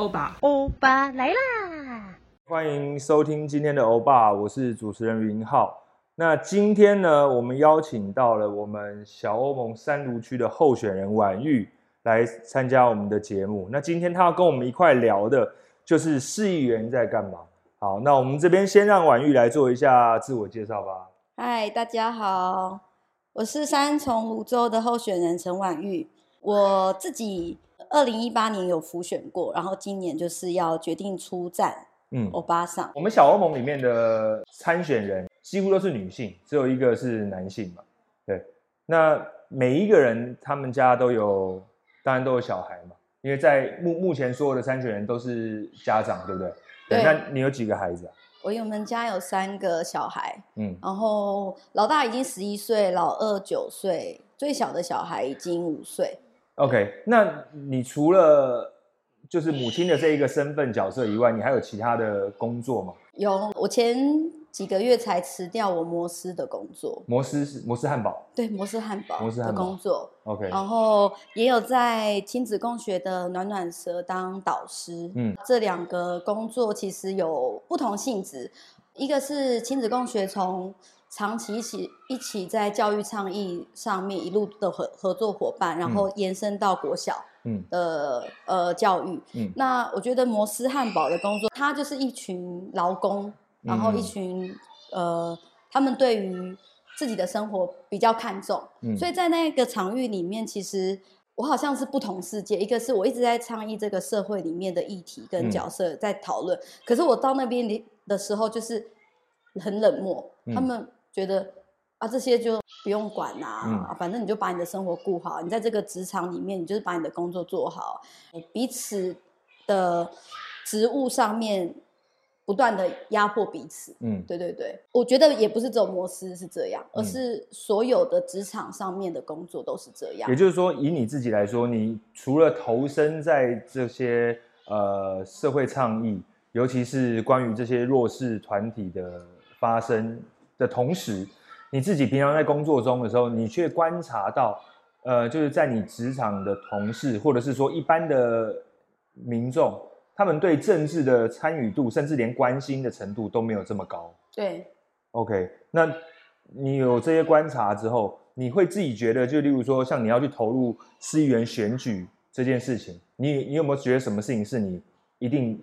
歐巴，歐巴來啦！歡迎收聽今天的歐巴，我是主持人雲皓。那今天呢，我們邀請到了我們小歐盟三蘆區的候選人宛毓來參加我們的節目。那今天他要跟我們一塊聊的就是市議員在幹嘛。好，那我們這邊先讓宛毓來做一下自我介紹吧。嗨，大家好，我是三重蘆洲的候選人陳宛毓，我自己。二零一八年有浮選過，然後今年就是要決定出戰歐，嗯，歐巴桑。我們小歐盟裡面的參選人幾乎都是女性，只有一個是男性嘛。對，那每一個人他們家都有，當然都有小孩嘛，因為在目目前所有的參選人都是家長，對不對？你看對你有幾個孩子啊？我我們家有三個小孩，嗯，然後老大已經十一歲，老二九歲，最小的小孩已經五歲。OK，那你除了就是母親的這一個身份角色以外，你還有其他的工作嗎？有，我前幾個月才辭掉我摩斯的工作。摩斯是摩斯漢堡，對，摩斯漢堡，摩斯漢堡的工作。OK，然後也有在親子共學的暖暖蛇當導師。嗯，這兩個工作其實有不同性質，一個是親子共學從。長期一起一起在教育倡議上面一路的合合作夥伴，然後延伸到國小的，的、嗯、呃、呃教育。嗯、那我覺得摩斯漢堡的工作，他就是一群勞工，然後一群、嗯嗯、呃，他們對於自己的生活比較看重，嗯、所以在那個場域裡面，其實我好像是不同世界。一個是我一直在倡議這個社會裡面的議題跟角色在討論，嗯、可是我到那邊的的時候就是很冷漠，他們。覺得啊，這些就不用管啦，啊、嗯、啊，反正你就把你的生活顧好。你在這個職場裡面，你就是把你的工作做好。彼此的職務上面不斷的壓迫彼此。嗯，對對對，我覺得也不是這種模式是這樣，而是所有的職場上面的工作都是這樣。嗯、也就是說，以你自己來說，你除了投身在這些呃社會倡議，尤其是關於這些弱勢團體的發聲，的同時，你自己平常在工作中的時候，你卻觀察到，呃，就是在你職場的同事，或者是說一般的民眾，他們對政治的參與度，甚至連關心的程度都沒有這麼高。對，OK，那你有這些觀察之後，你會自己覺得，就例如說，像你要去投入市議員選舉這件事情，你你有沒有覺得什麼事情是你一定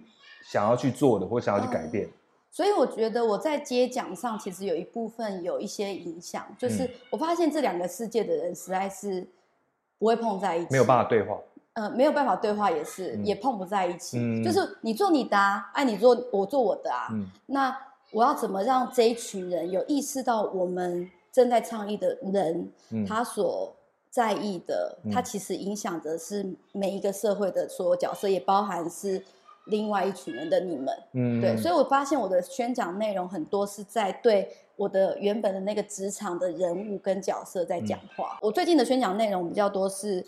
想要去做的，或想要去改變？嗯所以我覺得我在街講上其實有一部分有一些影響，就是我發現這兩個世界的人實在是不會碰在一起，沒有辦法對話。嗯、呃，沒有辦法對話也是，嗯、也碰不在一起。嗯、就是你做你的、啊，哎，你做我做我的啊。嗯、那我要怎麼讓這一群人有意識到我們正在倡議的人，嗯、他所在意的，他其實影響的是每一個社會的所有角色，也包含是。另外一群人的你們，嗯，嗯，對，所以我發現我的宣講內容很多是在對我的原本的那個職場的人物跟角色在講話。嗯、我最近的宣講內容比較多是、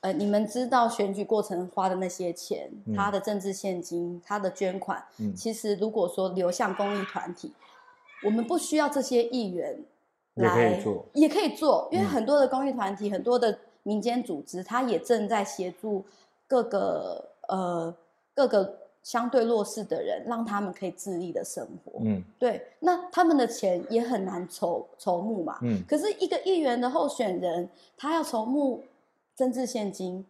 呃，你們知道選舉過程花的那些錢，嗯、他的政治獻金，他的捐款，嗯、其實如果說流向公益團體，我們不需要這些議員來也可以做，也可以做，因為很多的公益團體，嗯、很多的民間組織，他也正在協助各個呃。各個相對弱勢的人，讓他們可以自立的生活。嗯，對，那他們的錢也很難籌籌募嘛。嗯，可是一個議員的候選人，他要籌募政治現金，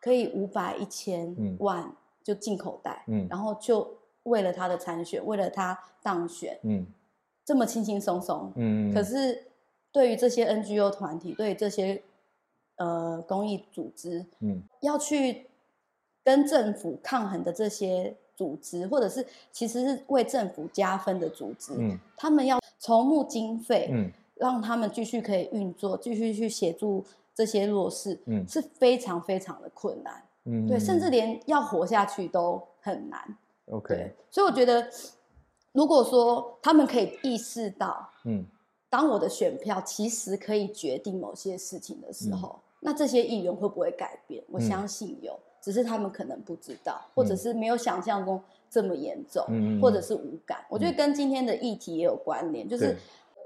可以五百、一千萬就進口袋。嗯，然後就為了他的參選，為了他當選，嗯，這麼輕輕鬆鬆。嗯，嗯，嗯，可是對於這些 NGO 團體，對於這些呃公益組織，嗯，要去。跟政府抗衡的這些組織，或者是其實是為政府加分的組織，嗯，他們要籌募經費，嗯，讓他們繼續可以運作，繼續去協助這些弱勢，嗯，是非常非常的困難，嗯，嗯，對，甚至連要活下去都很難。OK，所以我覺得，如果說他們可以意識到，嗯，當我的選票其實可以決定某些事情的時候，嗯，那這些議員會不會改變？我相信有。嗯只是他們可能不知道，或者是沒有想象中這麼嚴重，嗯、或者是無感。嗯、我覺得跟今天的議題也有關聯，就是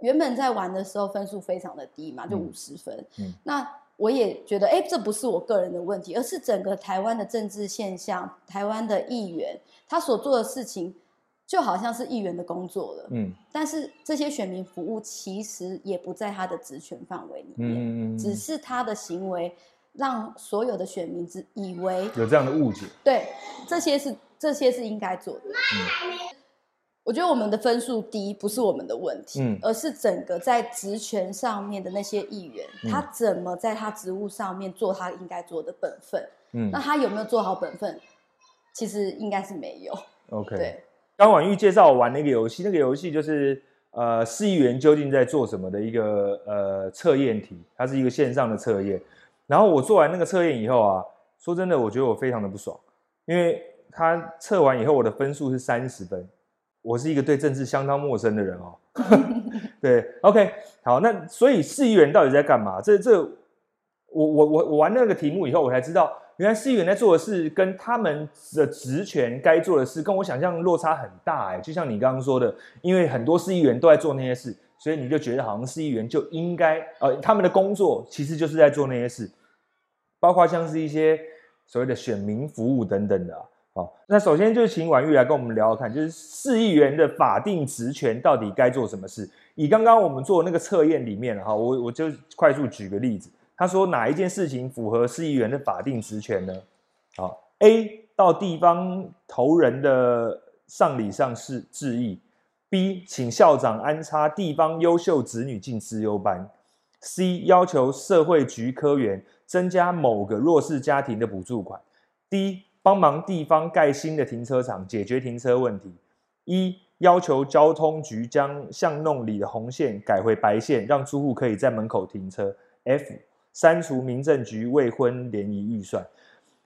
原本在玩的時候分數非常的低嘛，就五十分。嗯嗯、那我也覺得，哎、欸，這不是我個人的問題，而是整個台灣的政治現象。台灣的議員他所做的事情，就好像是議員的工作了。嗯，但是這些選民服務其實也不在他的職權範圍裡面，嗯、只是他的行為。讓所有的選民只以為有這樣的誤解，對，這些是這些是應該做的。嗯，我覺得我們的分數低不是我們的問題，嗯，而是整個在職權上面的那些議員，嗯，他怎麼在他職務上面做他應該做的本分，嗯，那他有沒有做好本分，其實應該是沒有。OK，對剛宛毓介紹我玩那個遊戲，那個遊戲就是呃，市議員究竟在做什麼的一個呃測驗題，它是一個線上的測驗。然後我做完那個測驗以後啊，說真的，我覺得我非常的不爽，因為他測完以後我的分數是三十分，我是一個對政治相當陌生的人哦。 對，OK，好，那所以市議員到底在幹嘛？這這，我我我我玩那個題目以後，我才知道，原來市議員在做的事跟他們的職權該做的事，跟我想象落差很大誒、欸，就像你剛剛說的，因為很多市議員都在做那些事。所以你就覺得好像市議員就應該呃，他們的工作其實就是在做那些事，包括像是一些所謂的選民服務等等的、啊。好，那首先就請宛毓來跟我們聊聊看，就是市議員的法定職權到底該做什麼事。以剛剛我們做那個測驗裡面哈，我我就快速舉個例子，他說哪一件事情符合市議員的法定職權呢？好，A 到地方頭人的喪禮上是致意 B 請校長安插地方優秀子女進資優班，C 要求社會局科員增加某個弱勢家庭的補助款，D 幫忙地方蓋新的停車場解決停車問題，E 要求交通局將巷弄裡的紅線改回白線，讓住戶可以在門口停車，F 刪除民政局未婚聯誼預算，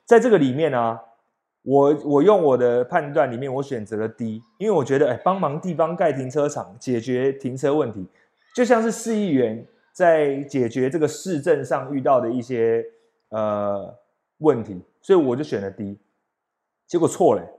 在這個裡面呢、啊。我我用我的判斷裡面，我選擇了 D，因為我覺得，哎、欸，幫忙地方蓋停車場，解決停車問題，就像是市議員在解決這個市政上遇到的一些呃問題，所以我就選了 D，結果錯了、欸。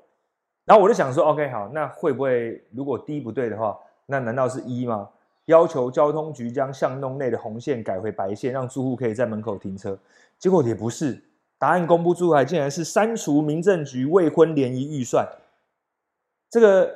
然後我就想說，OK 好，那會不會如果 D 不對的話，那難道是 E 嗎？要求交通局將巷弄內的紅線改回白線，讓住戶可以在門口停車，結果也不是。答案公布出來，竟然是刪除民政局未婚聯誼預算。這個，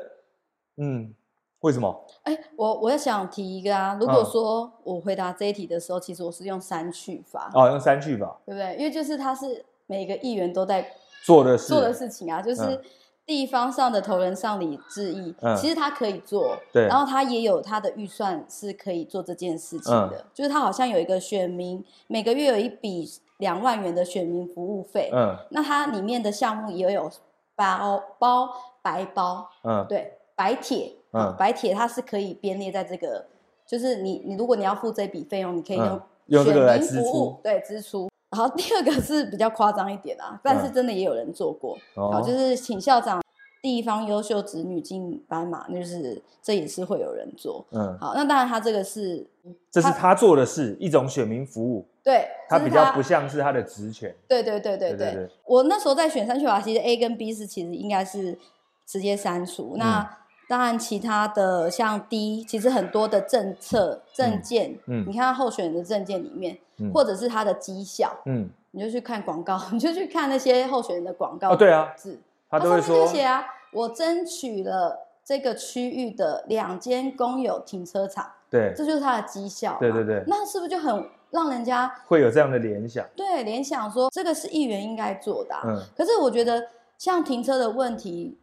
嗯，為什麼？哎、欸，我我想提一個啊。如果說我回答這一題的時候，嗯、其實我是用刪去法。哦，用刪去法，對不對？因為就是他是每個議員都在做的做的事情啊，就是地方上的頭人上禮致意，嗯、其實他可以做。對，然後他也有他的預算是可以做這件事情的，嗯、就是他好像有一個選民每個月有一筆。兩萬元的選民服務費，嗯，那它裡面的項目也有包包、白包，嗯，對，白帖，嗯，嗯，白帖它是可以編列在這個，就是你你如果你要付這筆費用，你可以用選民服務支對支出。然後第二個是比較誇張一點啊，但是真的也有人做過，嗯、好，就是請校長地方優秀子女進班嘛，那就是這也是會有人做，嗯，好，那當然他這個是，這是他做的事，他一種選民服務。對，他比較不像是他的職權。對對對對對。我那時候在選三選法，其實 A 跟 B 是其實應該是直接刪除。那當然其他的像 D，其實很多的政策政見，嗯，你看候選人的政見裡面，嗯，或者是他的績效，嗯，你就去看廣告，你就去看那些候選人的廣告。對啊，字他都是說這啊，我爭取了這個區域的兩間公有停車場，對，這就是他的績效。對對對，那是不是就很？讓人家會有這樣的聯想，對，聯想說，這個是議員應該做的、啊。嗯，可是我覺得像停車的問題，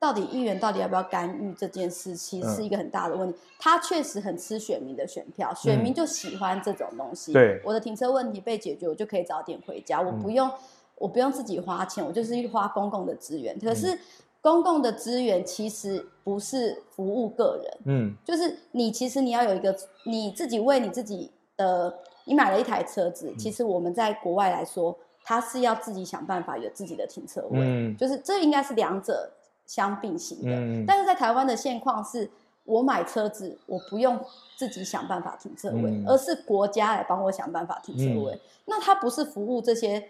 到底議員到底要不要干預這件事其實、嗯、是一個很大的問題。他確實很吃選民的選票，選民就喜歡這種東西。對、嗯，我的停車問題被解決，我就可以早點回家，嗯、我不用我不用自己花錢，我就是花公共的資源。可是公共的資源其實不是服務個人，嗯，就是你其實你要有一個你自己為你自己的。你買了一台車子，其實我們在國外來說，嗯、它是要自己想辦法有自己的停車位，嗯、就是這應該是兩者相並行的。嗯嗯、但是在台灣的現況是，我買車子我不用自己想辦法停車位，嗯、而是國家來幫我想辦法停車位。嗯、那它不是服務這些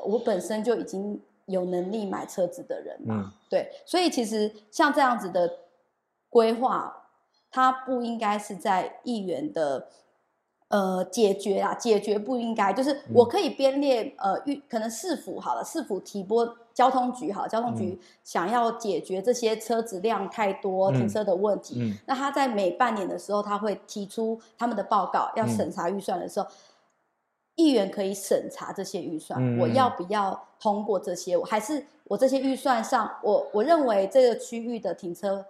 我本身就已經有能力買車子的人嘛？嗯、對，所以其實像這樣子的規劃，它不應該是在議員的。呃，解決啊，解決不應該，就是我可以編列呃預可能市府好了，市府提撥交通局好了，交通局想要解決這些車子量太多，嗯、停車的問題，嗯嗯、那他在每半年的時候，他會提出他們的報告，要審查預算的時候，嗯、議員可以審查這些預算，嗯、我要不要通過這些？嗯、還是我這些預算上，我我認為這個區域的停車。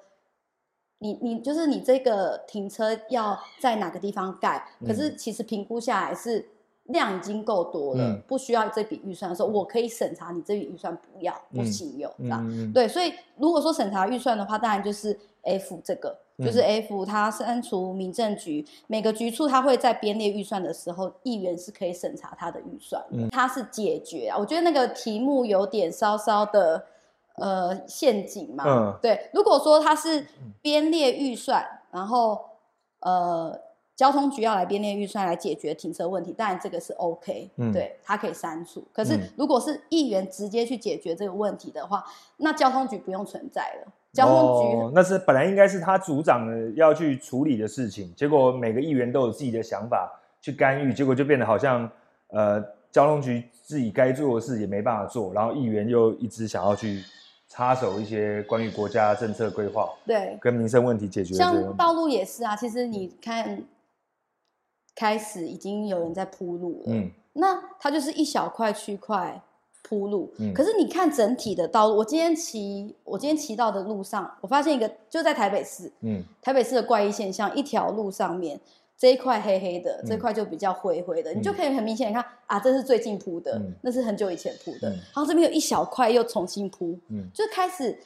你你就是你這個停車要在哪個地方蓋？可是其實評估下來是量已經夠多了，不需要這筆預算的時候，我可以審查你這筆預算不要，不行有這樣對。所以如果說審查預算的話，當然就是 F 這個，就是 F 它刪除民政局、嗯、每個局處，它會在編列預算的時候，議員是可以審查它的預算，嗯、它是解決。我覺得那個題目有點稍稍的。呃，陷阱嘛，嗯、對。如果說他是編列預算，然後呃，交通局要來編列預算來解決停車問題，當然這個是 OK，嗯、對，他可以刪除。可是如果是議員直接去解決這個問題的話，嗯、那交通局不用存在了。交通局、哦、那是本來應該是他組長要去處理的事情，結果每個議員都有自己的想法去干預，結果就變得好像呃，交通局自己該做的事也沒辦法做，然後議員又一直想要去。插手一些關於國家政策規劃，對，跟民生問題解決問題，像道路也是啊。其實你看，嗯，開始已經有人在鋪路了，嗯，那它就是一小塊區塊鋪路，嗯，可是你看整體的道路，我今天騎，我今天騎到的路上，我發現一個，就在台北市，嗯，台北市的怪異現象，一條路上面。這一塊黑黑的，這塊就比較灰灰的，嗯、你就可以很明顯看啊，這是最近鋪的，嗯、那是很久以前鋪的，對然後這邊有一小塊又重新鋪，就開始。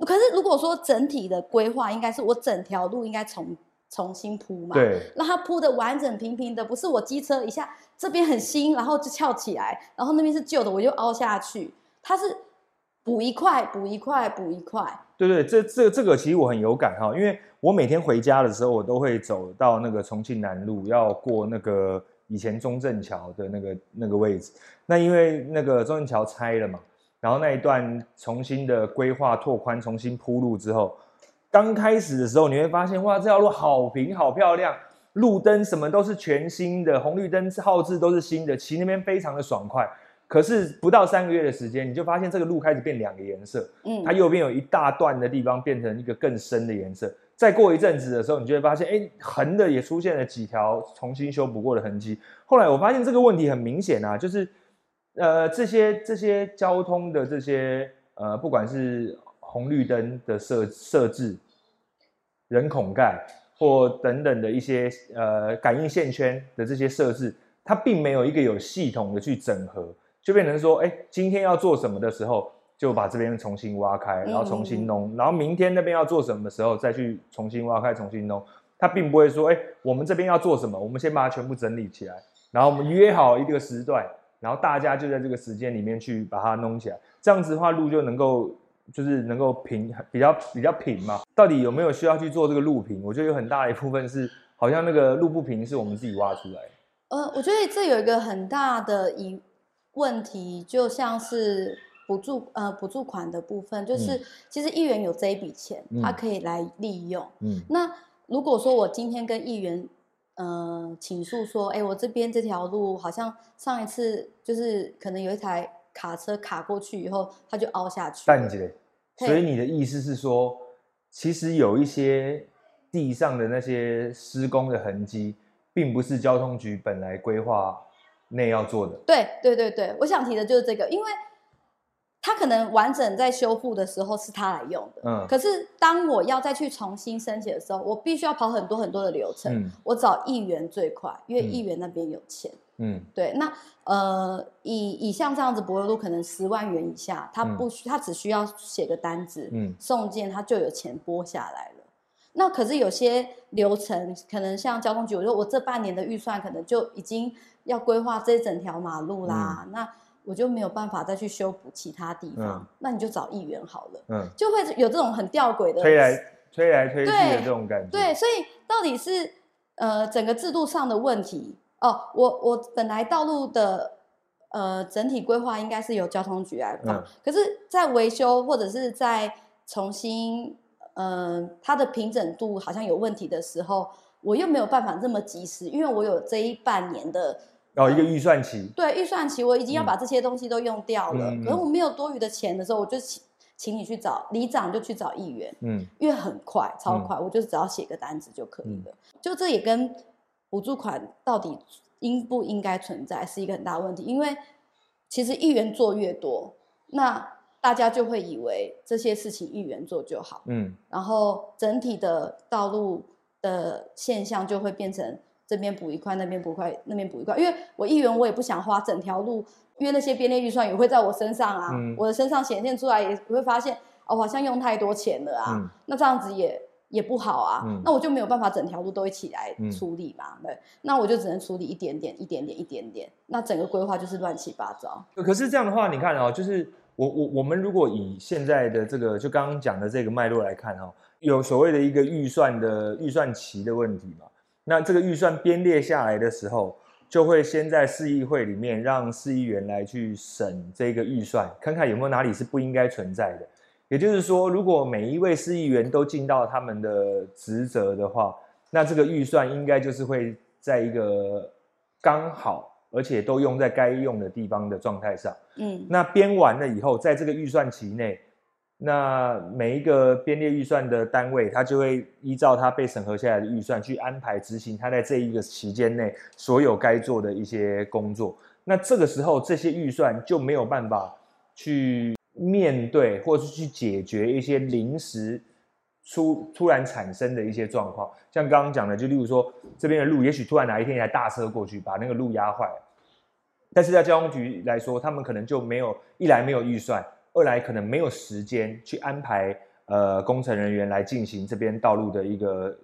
可是如果說整體的規劃應該是我整條路應該重重新鋪嘛，對，讓它鋪的完整平平的，不是我機車一下這邊很新，然後就翹起來，然後那邊是舊的，我就凹下去，它是補一塊補一塊補一塊。對對，這這這個其實我很有感哈，因為我每天回家的時候，我都會走到那個重慶南路，要過那個以前中正橋的那個那個位置。那因為那個中正橋拆了嘛，然後那一段重新的規劃、拓寬、重新鋪路之後，剛開始的時候你會發現，哇，這條路好平、好漂亮，路燈什麼都是全新的，紅綠燈號誌都是新的，騎那邊非常的爽快。可是不到三個月的時間，你就發現這個路開始變兩個顏色。嗯，它右邊有一大段的地方變成一個更深的顏色。再過一陣子的時候，你就會發現，哎、欸，橫的也出現了幾條重新修補過的痕跡。後來我發現這個問題很明顯啊，就是呃，這些這些交通的這些呃，不管是紅綠燈的設設置、人孔蓋或等等的一些呃感應線圈的這些設置，它並沒有一個有系統的去整合。就變成說，哎、欸，今天要做什麼的時候，就把這邊重新挖開，然後重新弄，嗯嗯嗯。然後明天那邊要做什麼的時候，再去重新挖開，重新弄。他並不會說，哎、欸，我們這邊要做什麼，我們先把它全部整理起來，然後我們約好一個時段，然後大家就在這個時間裡面去把它弄起來。這樣子的話，路就能夠就是能夠平，比較比較平嘛。到底有沒有需要去做這個路平？我覺得有很大的一部分是，好像那個路不平是我們自己挖出來的。呃，我覺得這有一個很大的疑。問題就像是補助呃補助款的部分，就是其實議員有這一筆錢，嗯、他可以來利用。嗯，那如果說我今天跟議員，嗯、呃，請訴說誒，我這邊這條路好像上一次就是可能有一台卡車卡過去以後，它就凹下去了。半截姐。對所以你的意思是說，其實有一些地上的那些施工的痕跡，並不是交通局本來規劃那要做的。對對對對，我想提的就是這個，因為他可能完整在修復的時候是他來用的，嗯，可是當我要再去重新申請的時候，我必須要跑很多很多的流程，嗯，我找議員最快，因為議員那邊有錢，嗯，對，那呃，以以像這樣子，博愛路可能十萬元以下，他不，嗯，他只需要寫個單子，嗯，送件他就有錢撥下來了。那可是有些流程，可能像交通局，我說我這半年的預算可能就已經。要規劃這整條馬路啦，嗯、那我就沒有辦法再去修補其他地方。嗯、那你就找議員好了，嗯，就會有這種很吊詭的推來推來推去的這種感覺。對，對，所以到底是、呃、整個制度上的問題哦。我我本來道路的、呃、整體規劃應該是由交通局來辦，嗯、可是，在維修或者是在重新、呃、它的平整度好像有問題的時候，我又沒有辦法這麼及時，因為我有這一半年的。哦，一個預算期、嗯。對，預算期我已經要把這些東西都用掉了。嗯、可能我沒有多餘的錢的時候，我就請請你去找里長，就去找議員，嗯，因為很快，超快，嗯、我就只要寫個單子就可以了。嗯、就這也跟補助款到底應不應該存在是一個很大問題，因為其實議員做越多，那大家就會以為這些事情議員做就好，嗯，然後整體的道路的現象就會變成。這邊補一塊，那邊補一塊，那邊補一塊，因為我一元我也不想花整條路，因為那些編列預算也會在我身上啊，嗯、我的身上顯現出來，也會發現哦，好像用太多錢了啊，嗯、那這樣子也也不好啊，嗯、那我就沒有辦法整條路都一起來處理吧。嗯、對，那我就只能處理一點點，一點點，一點點，那整個規劃就是亂七八糟。可是這樣的話，你看哦、喔，就是我我我們如果以現在的這個就剛剛講的這個脈絡來看哈、喔，有所謂的一個預算的預算期的問題嘛。那這個預算編列下來的時候，就會先在市議會裡面讓市議員來去審這個預算，看看有沒有哪裡是不應該存在的。也就是說，如果每一位市議員都盡到他們的職責的話，那這個預算應該就是會在一個剛好而且都用在該用的地方的狀態上。嗯，那編完了以後，在這個預算期內。那每一個編列預算的單位，他就會依照他被審核下來的預算去安排執行，他在這一個期間內所有該做的一些工作。那這個時候，這些預算就沒有辦法去面對，或者是去解決一些臨時出突然產生的一些狀況。像剛剛講的，就例如說，這邊的路也許突然哪一天一台大車過去把那個路壓壞，但是在交通局來說，他們可能就沒有一來沒有預算。二來可能沒有時間去安排，呃，工程人員來進行這邊道路的一個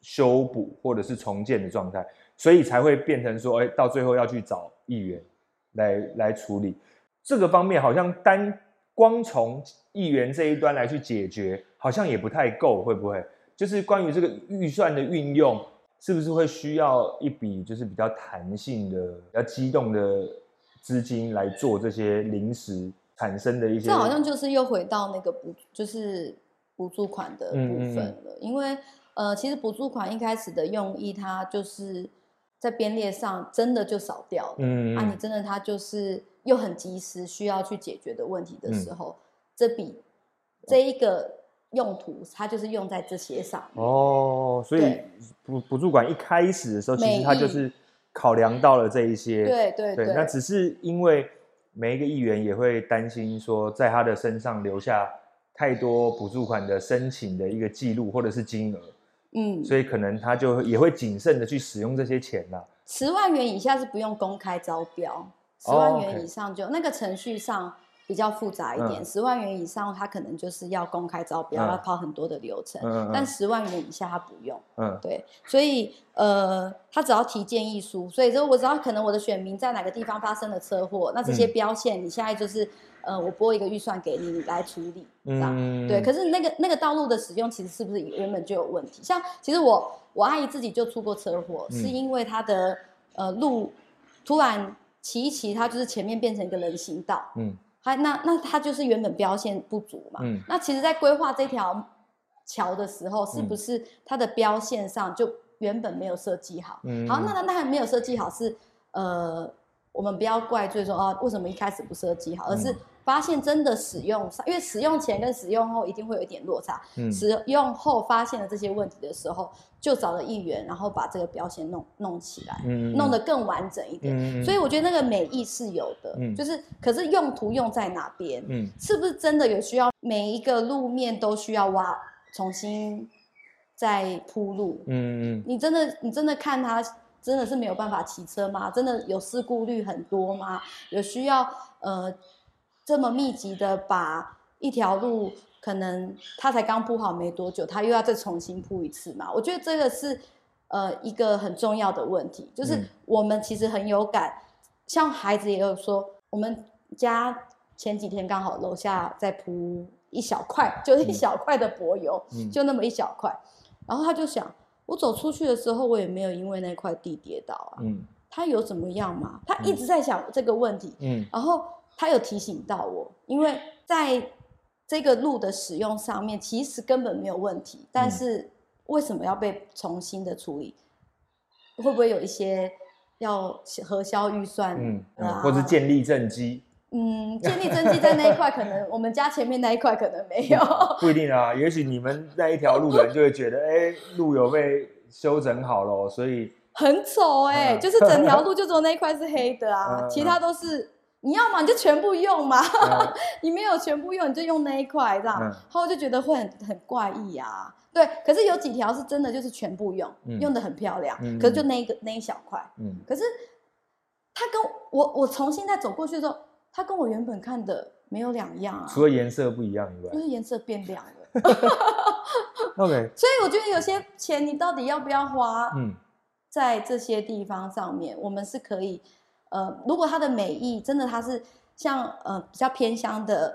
修補，或者是重建的狀態，所以才會變成說，哎，到最後要去找議員來來處理這個方面，好像單光從議員這一端來去解決，好像也不太夠，會不會？就是關於這個預算的運用，是不是會需要一筆就是比較彈性的、比較機動的資金來做這些臨時？產生的一些，這好像就是又回到那個補，就是補助款的部分了。嗯嗯嗯，因為呃，其實補助款一開始的用意，它就是在編列上真的就少掉了。嗯，嗯，嗯，啊，你真的它就是又很及時需要去解決的問題的時候，嗯、這筆這一個用途，它就是用在這些上。哦，對，所以補補助款一開始的時候，其實它就是考量到了這一些。對對對，對，那只是因為。每一個議員也會擔心說，在他的身上留下太多補助款的申請的一個記錄或者是金額，嗯，所以可能他就也會謹慎的去使用這些錢啦。十萬元以下是不用公開招標，十萬元以上就、哦 okay. 那個程序上。比較複雜一點，啊、十萬元以上，他可能就是要公開招標，啊、要跑很多的流程。啊、但十萬元以下，他不用。嗯、啊。對，所以呃，他只要提建議書。所以說我只要可能我的選民在哪個地方發生了車禍，那這些標線，你現在就是、嗯、呃，我撥一個預算給你，你來處理，這樣。嗯、對。可是那個那個道路的使用，其實是不是原本就有問題？像其實我我阿姨自己就出過車禍，嗯、是因為她的呃路突然騎一騎，她就是前面變成一個人行道。嗯。還那那它就是原本標線不足嘛，嗯、那其實在規劃這條橋的時候，是不是它的標線上就原本沒有設計好？嗯、好，那那那還沒有設計好是，呃，我們不要怪罪說啊，為什麼一開始不設計好，而是。嗯發現真的使用，因為使用前跟使用後一定會有一點落差。嗯、使用後發現了這些問題的時候，就找了議員，然後把這個標線弄弄起來，弄得更完整一點。嗯、所以我覺得那個美意是有的，嗯、就是可是用途用在哪邊？嗯、是不是真的有需要？每一個路面都需要挖，重新再鋪路？嗯、嗯、你，你真的你真的看他真的是沒有辦法騎車嗎？真的有事故率很多嗎？有需要呃？這麼密集的把一條路，可能他才剛鋪好沒多久，他又要再重新鋪一次嘛？我覺得這個是，呃，一個很重要的問題。就是我們其實很有感，像孩子也有說，我們家前幾天剛好樓下在鋪一小塊，就是、一小塊的柏油，嗯、就那麼一小塊。然後他就想，我走出去的時候，我也沒有因為那塊地跌倒啊。嗯，他有怎麼樣嘛？他一直在想這個問題。嗯，然後。他有提醒到我，因為在這個路的使用上面其實根本沒有問題，但是為什麼要被重新的處理？會不會有一些要核銷預算，嗯，嗯啊、或是建立政績？嗯，建立政績在那一塊可能我們家前面那一塊可能沒有，不，不一定啊，也許你們在一條路的人就會覺得，哎， 路有被修整好了，所以很醜哎、欸，嗯、就是整條路就只有那一塊是黑的啊，嗯、其他都是。你要嘛，你就全部用嘛。啊、 你沒有全部用，你就用那一塊，知道嗎？啊、然後我就覺得會很很怪異啊。對，可是有幾條是真的，就是全部用，嗯、用得很漂亮。嗯、可是就那一個、嗯、那一小塊。嗯，可是他跟我我，我從現在走過去的時候，他跟我原本看的沒有兩樣啊。除了顏色不一樣以外，就是顏色變亮了。 OK。所以我覺得有些錢你到底要不要花？在這些地方上面，嗯、我們是可以。呃，如果它的美意真的，它是像呃比較偏鄉的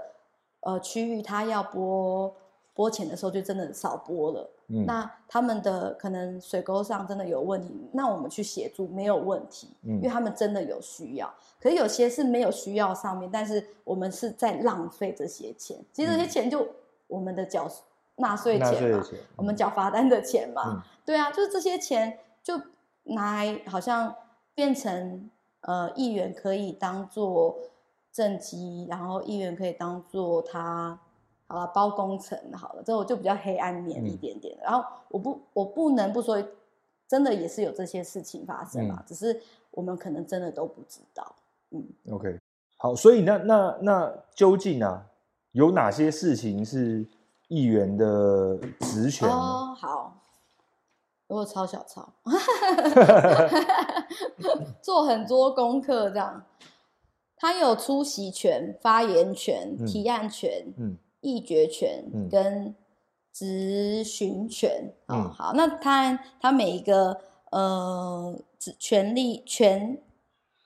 呃區域，它要撥撥錢的時候，就真的少撥了。嗯，那他們的可能水溝上真的有問題，那我們去協助沒有問題，嗯、因為他們真的有需要。可是有些是沒有需要上面，但是我們是在浪費這些錢。其實這些錢就我們的繳納稅錢嘛，嗯、我們繳罰單的錢嘛。錢嗯、對啊，就是這些錢就拿來好像變成。呃，議員可以當做政績，然後議員可以當做他好了，包工程，好了，這我就比較黑暗面一點點。嗯、然後我不，我不能不說，真的也是有這些事情發生嘛，嗯、只是我們可能真的都不知道。嗯，OK，好，所以那那那究竟啊有哪些事情是議員的職權？哦，好。我有抄小抄， 做很多功課這樣。他有出席權、發言權、提案權、嗯、嗯議決權跟質詢權、嗯哦。好，那他他每一個呃權利權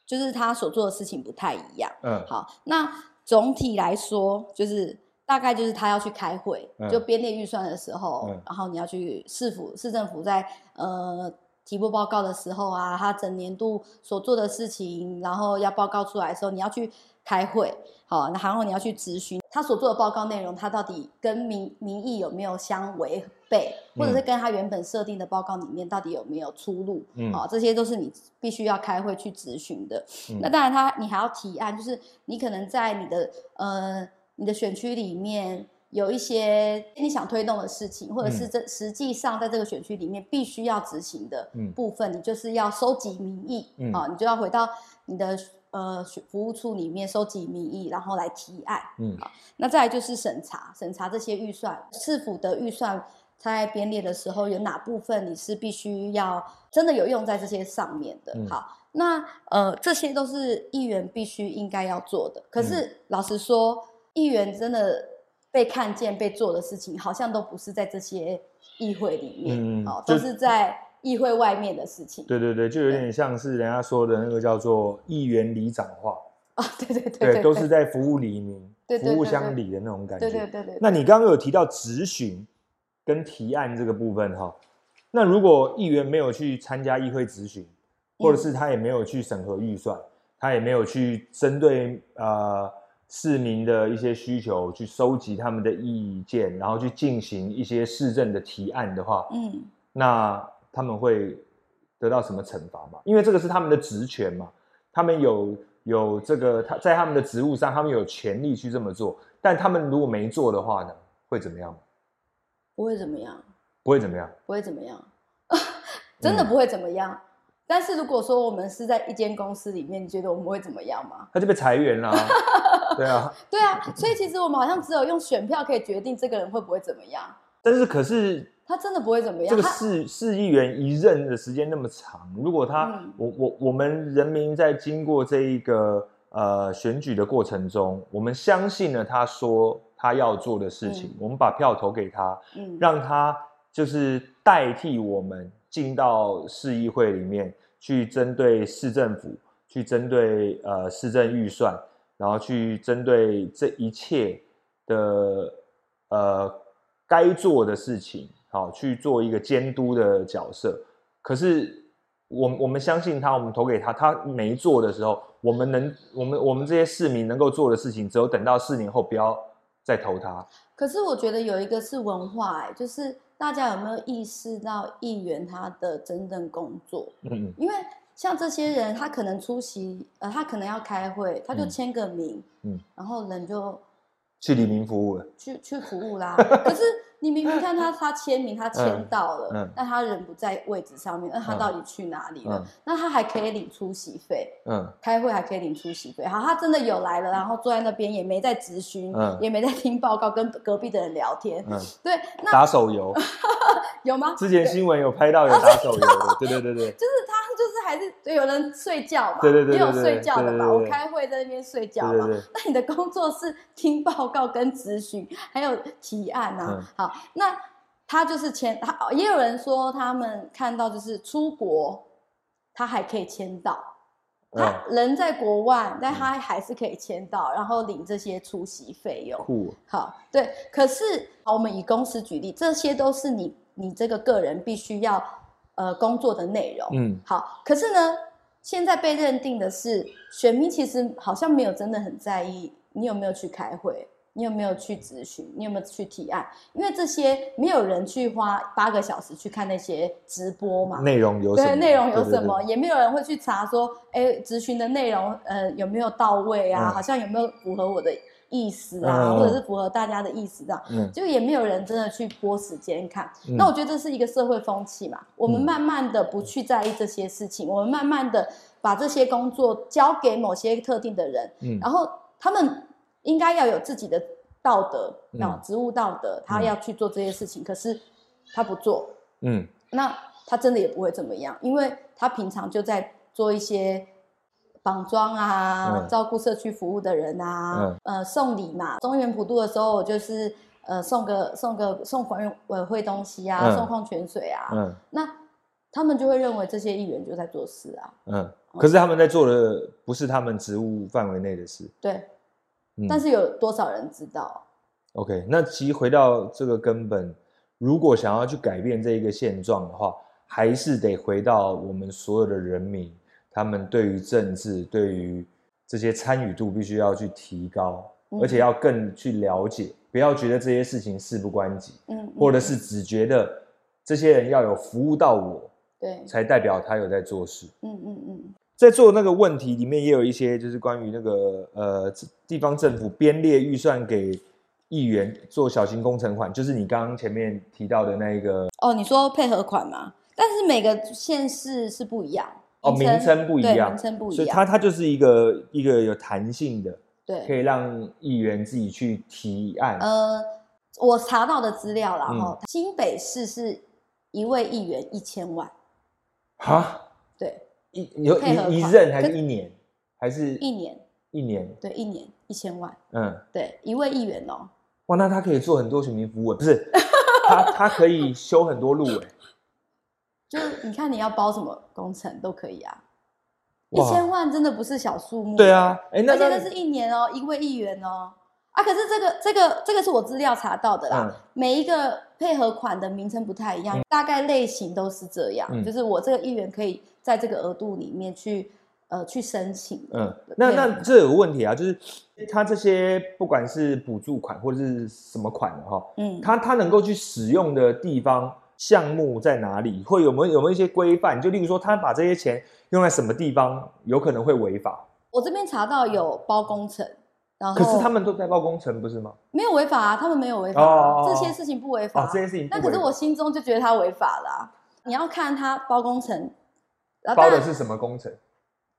就是他所做的事情不太一樣。嗯，好，那總體來說就是。大概就是他要去開會，就編列預算的時候，嗯嗯、然後你要去市府、市政府在呃提報報告的時候啊，他整年度所做的事情，然後要報告出來的時候，你要去開會，好，然後你要去質詢他所做的報告內容，他到底跟民民意有沒有相違背，或者是跟他原本設定的報告裡面到底有沒有出入，好、嗯哦，這些都是你必須要開會去質詢的。嗯、那當然他，他你還要提案，就是你可能在你的呃。你的選區裡面有一些你想推動的事情，或者是這實際上在這個選區裡面必須要執行的部分，嗯、你就是要收集民意、嗯、啊，你就要回到你的呃服務處裡面收集民意，然後來提案。嗯，好、啊，那再來就是審查審查這些預算市府的預算，他在編列的時候有哪部分你是必須要真的有用在這些上面的。嗯、好，那呃這些都是議員必須應該要做的。可是、嗯、老實說。議員真的被看見、被做的事情，好像都不是在這些議會裡面啊，都、嗯喔、是在議會外面的事情。對對對，就有點像是人家說的那個叫做“議員里長化對對，對對對，對，都是在服務里民、對對對對對服務鄉里的那種感覺。對對對，對，對那你剛剛有提到質詢跟提案這個部分哈、喔，那如果議員沒有去參加議會質詢，或者是他也沒有去審核預算，他也沒有去針對呃。市民的一些需求，去收集他們的意見，然後去進行一些市政的提案的話，嗯，那他們會得到什麼懲罰嗎？因為這個是他們的職權嘛，他們有有這個他在他們的職務上，他們有權利去這麼做。但他們如果沒做的話呢，會怎麼樣？不會怎麼樣。不會怎麼樣。不會怎麼樣。 真的不會怎麼樣。嗯、但是如果說我們是在一間公司裡面，你覺得我們會怎麼樣嗎？他就被裁員了、啊。 對啊， 對啊，所以其實我們好像只有用選票可以決定這個人會不會怎麼樣。但是，可是他真的不會怎麼樣。這個市市議員一任的時間那麼長，如果他，嗯、我我我們人民在經過這一個呃選舉的過程中，我們相信了他說他要做的事情，嗯、我們把票投給他，嗯、讓他就是代替我們進到市議會裡面去，針對市政府，去針對呃市政預算。然後去針對這一切的呃該做的事情，好去做一個監督的角色。可是我們我們相信他，我們投給他，他沒做的時候，我們能我們我們這些市民能夠做的事情，只有等到四年後不要再投他。可是我覺得有一個是文化，欸，就是大家有沒有意識到議員他的真正工作？嗯嗯，因為。像這些人，他可能出席，呃，他可能要開會，他就簽個名，嗯，嗯，然後人就去便民服務了，去去服務啦。 可是。你明明看他，他簽名，他簽到了，但他人不在位置上面，那他到底去哪裡了？那他還可以領出席費，開會還可以領出席費。好，他真的有來了，然後坐在那邊也沒在質詢，也沒在聽報告，跟隔壁的人聊天，嗯，那打手遊有嗎？之前新聞有拍到有打手遊，對對對，就是他就是還是有人睡覺嘛，對對也有睡覺的嘛，我開會在那邊睡覺嘛。那你的工作是聽報告、跟質詢，還有提案啊，好。那他就是簽，他也有人說他們看到就是出國，他還可以簽到，他人在國外，哦、但他還是可以簽到，然後領這些出席費用。酷。好，對，可是我們以公司舉例，這些都是你你這個個人必須要呃工作的內容。嗯，好，可是呢，現在被認定的是選民其實好像沒有真的很在意你有沒有去開會？你有沒有去質詢？你有沒有去提案？因為這些沒有人去花八個小時去看那些直播嘛？內容有什麼？內容有什麼？也沒有人會去查說，哎、欸，質詢的內容呃有沒有到位啊？嗯、好像有沒有符合我的意思啊？嗯、或者是符合大家的意思這樣？嗯，就也沒有人真的去撥時間看。嗯、那我覺得這是一個社會風氣嘛。我們慢慢的不去在意這些事情，嗯、我們慢慢的把這些工作交給某些特定的人，嗯、然後他們。應該要有自己的道德啊，職務道德，嗯、他要去做這些事情，嗯、可是他不做，嗯，那他真的也不會怎麼樣，因為他平常就在做一些綁樁啊，嗯、照顧社區服務的人啊，嗯、呃，送禮嘛，中元普渡的時候我就是呃，送個送個送繁榮委會東西啊，嗯、送礦泉水啊，嗯、那他們就會認為這些議員就在做事啊，嗯，想可是他們在做的不是他們職務範圍內的事，對。但是有多少人知道？嗯、OK，那其實回到這個根本，如果想要去改變這一個現狀的話，還是得回到我們所有的人民，他們對於政治、對於這些參與度，必須要去提高，嗯哼，而且要更去了解，不要覺得這些事情事不關己，嗯，嗯，或者是只覺得這些人要有服務到我，對，才代表他有在做事，嗯嗯嗯。在做那個問題裡面，也有一些就是關於那個呃，地方政府編列預算給議員做小型工程款，就是你剛剛前面提到的那一個哦，你說配合款嗎？但是每個縣市是不一樣，名稱哦，名稱不一樣，名稱不一樣，所以它它就是一個一個有彈性的，對，可以讓議員自己去提案。呃，我查到的資料然後，嗯、新北市是一位議員一千萬，嗯、哈。一有一一任還是一年跟還是一年一年對一年，對一，年一千萬，嗯，對一位議員哦。哇，那他可以做很多選民服務不是 他他可以修很多路，就就你看你要包什麼工程都可以啊哇一千萬真的不是小數目啊。對啊、欸、而且那是一年哦一位議員哦。啊，可是這個這個這個是我資料查到的啦，嗯、每一個配合款的名稱不太一樣，嗯、大概類型都是這樣，嗯、就是我這個議員可以在這個額度裡面去，呃，去申請。嗯，那那這有個問題啊，就是他這些不管是補助款或者是什麼款的哈，嗯，他他能夠去使用的地方項目在哪裡？會有沒有有沒有一些規範？就例如說，他把這些錢用在什麼地方，有可能會違法？我這邊查到有包工程。可是他們都在包工程，不是嗎？沒有違法啊，他們沒有違法、啊、哦哦哦哦這些事情不違法那、啊、可是我心中就覺得他違法啦、啊。你要看他包工程，包的是什麼工程？啊、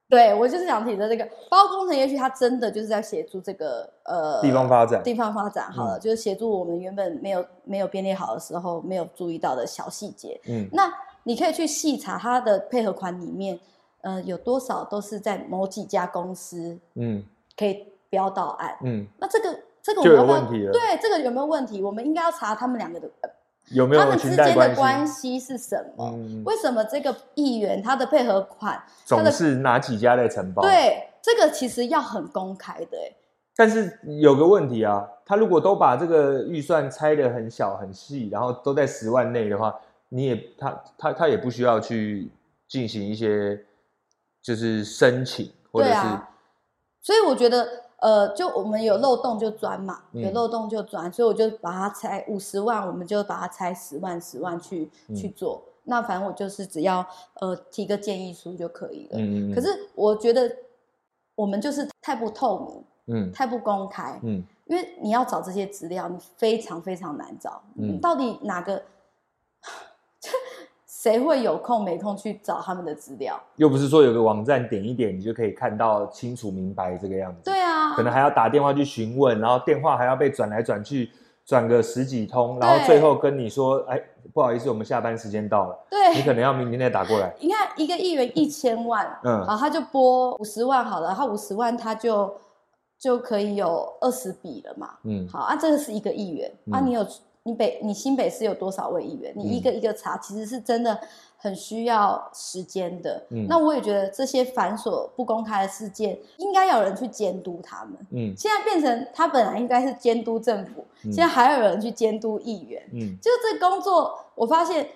對我就是想提的這個包工程，也許他真的就是在協助這個呃地方發展，地方發展好了，嗯、就是協助我們原本沒有沒有編列好的時候沒有注意到的小細節。嗯，那你可以去細查他的配合款裡面，呃，有多少都是在某幾家公司。嗯，可以。不要到案，嗯，那這個這個我們要，要問題了，對，這個有沒有問題？我們應該要查他們兩個的有沒有他們之間的關係是什麼？嗯、為什麼這個議員他的配合款總是哪幾家在承包？對，這個其實要很公開的、欸。但是有個問題啊，他如果都把這個預算拆得很小很細，然後都在十萬內的話，你也他他他也不需要去進行一些就是申請或者是對、啊，所以我覺得。呃，就我們有漏洞就鑽嘛，嗯、有漏洞就鑽，所以我就把它拆五十萬，我們就把它拆十萬、十萬去、嗯、去做。那反正我就是只要呃提個建議書就可以了。嗯、可是我覺得我們就是太不透明，嗯，太不公開，嗯，因為你要找這些資料，你非常非常難找。嗯。你到底哪個，誰 會有空沒空去找他們的資料？又不是說有個網站點一點，你就可以看到清楚明白這個樣子。對啊。可能還要打電話去詢問，然後電話還要被轉來轉去，轉個十幾通，然後最後跟你說：“哎對，不好意思，我們下班時間到了。”對，你可能要明天再打過來。你看，一個議員一千萬，嗯，好、啊，他就撥五十萬好了，他五十萬，他就就可以有二十筆了嘛。嗯，好啊，這個是一個議員啊你，你有你北你新北市有多少位議員？你一個一個查，嗯、其實是真的。很需要時間的，嗯、那我也覺得這些繁瑣不公開的事件應該有人去監督他們。嗯，現在變成他本來應該是監督政府，嗯、現在還要有人去監督議員。嗯，就這工作，我發現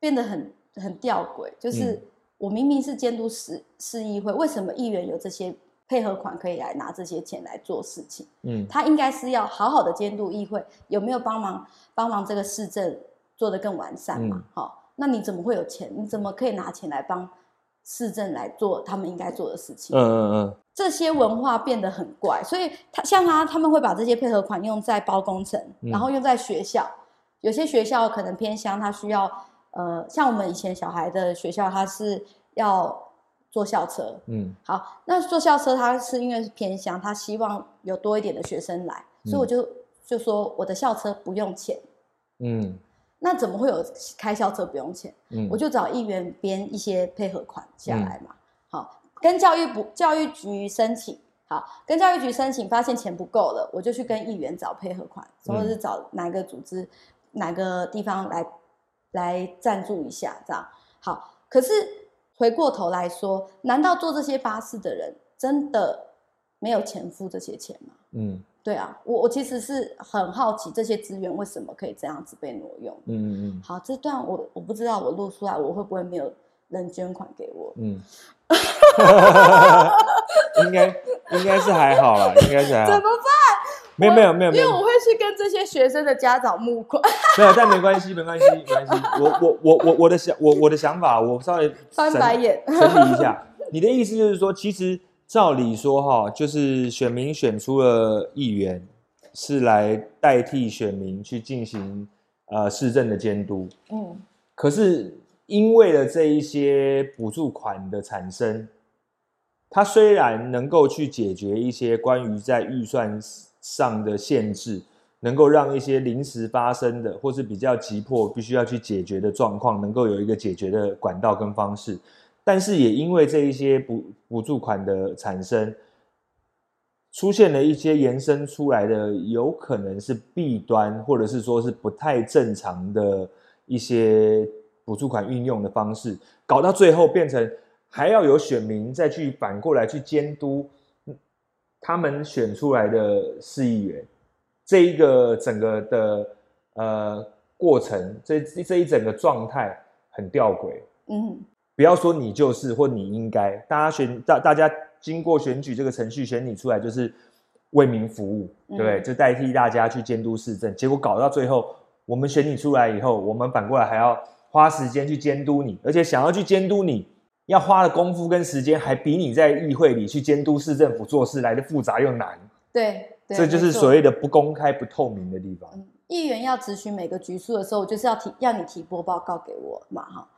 變得很很吊詭。就是我明明是監督市市議會，為什麼議員有這些配合款可以來拿這些錢來做事情？嗯，他應該是要好好的監督議會有沒有幫忙幫忙這個市政做得更完善嘛？好、嗯。那你怎麼會有錢？你怎麼可以拿錢來幫市政來做他們應該做的事情？嗯嗯嗯，嗯嗯這些文化變得很怪，所以他像他他們會把這些配合款用在包工程，嗯、然後用在學校。有些學校可能偏鄉，他需要呃，像我們以前小孩的學校，他是要坐校車。嗯，好，那坐校車他是因為是偏鄉，他希望有多一點的學生來，嗯、所以我就就說我的校車不用錢。嗯。那怎麼會有開校車不用錢？嗯、我就找議員編一些配合款下來嘛。嗯、好，跟教育部教育局申請。好，跟教育局申請，發現錢不夠了，我就去跟議員找配合款，或者是找哪個組織、哪個地方來來贊助一下，這樣。好，可是回過頭來說，難道坐這些巴士的人真的沒有錢付這些錢嗎？嗯。對啊，我我其實是很好奇這些資源為什麼可以這樣子被挪用。嗯嗯嗯。好，這段我我不知道，我錄出來我會不會沒有人捐款給我？嗯。 應該應該是還好啦，啊，應該是還好。怎麼辦？沒有沒有沒有沒有，我，因為我會去跟這些學生的家長募款。沒有，但沒關係沒關係沒關係。我我我我我的想我我的想法，我稍微翻白眼。整理一下，你的意思就是說，其實。照理說，哈，就是選民選出了議員，是來代替選民去進行呃市政的監督。嗯。可是因為了這一些補助款的產生，它雖然能夠去解決一些關於在預算上的限制，能夠讓一些臨時發生的或是比較急迫必須要去解決的狀況，能夠有一個解決的管道跟方式。但是也因為這一些補補助款的產生，出現了一些延伸出來的有可能是弊端，或者是說是不太正常的一些補助款運用的方式，搞到最後變成還要有選民再去反過來去監督他們選出來的市議員，這一個整個的呃過程，這一整個狀態很弔詭，嗯。不要說你就是或你應該，大家選大大家經過選舉這個程序選你出來就是為民服務，對,對就代替大家去監督市政，嗯、結果搞到最後，我們選你出來以後，我們反過來還要花時間去監督你，而且想要去監督你要花的功夫跟時間，還比你在議會裡去監督市政府做事來得複雜又難。對，對這就是所謂的不公開不透明的地方。嗯、議員要質詢每個局處的時候，我就是要提要你提播報告給我嘛，哈。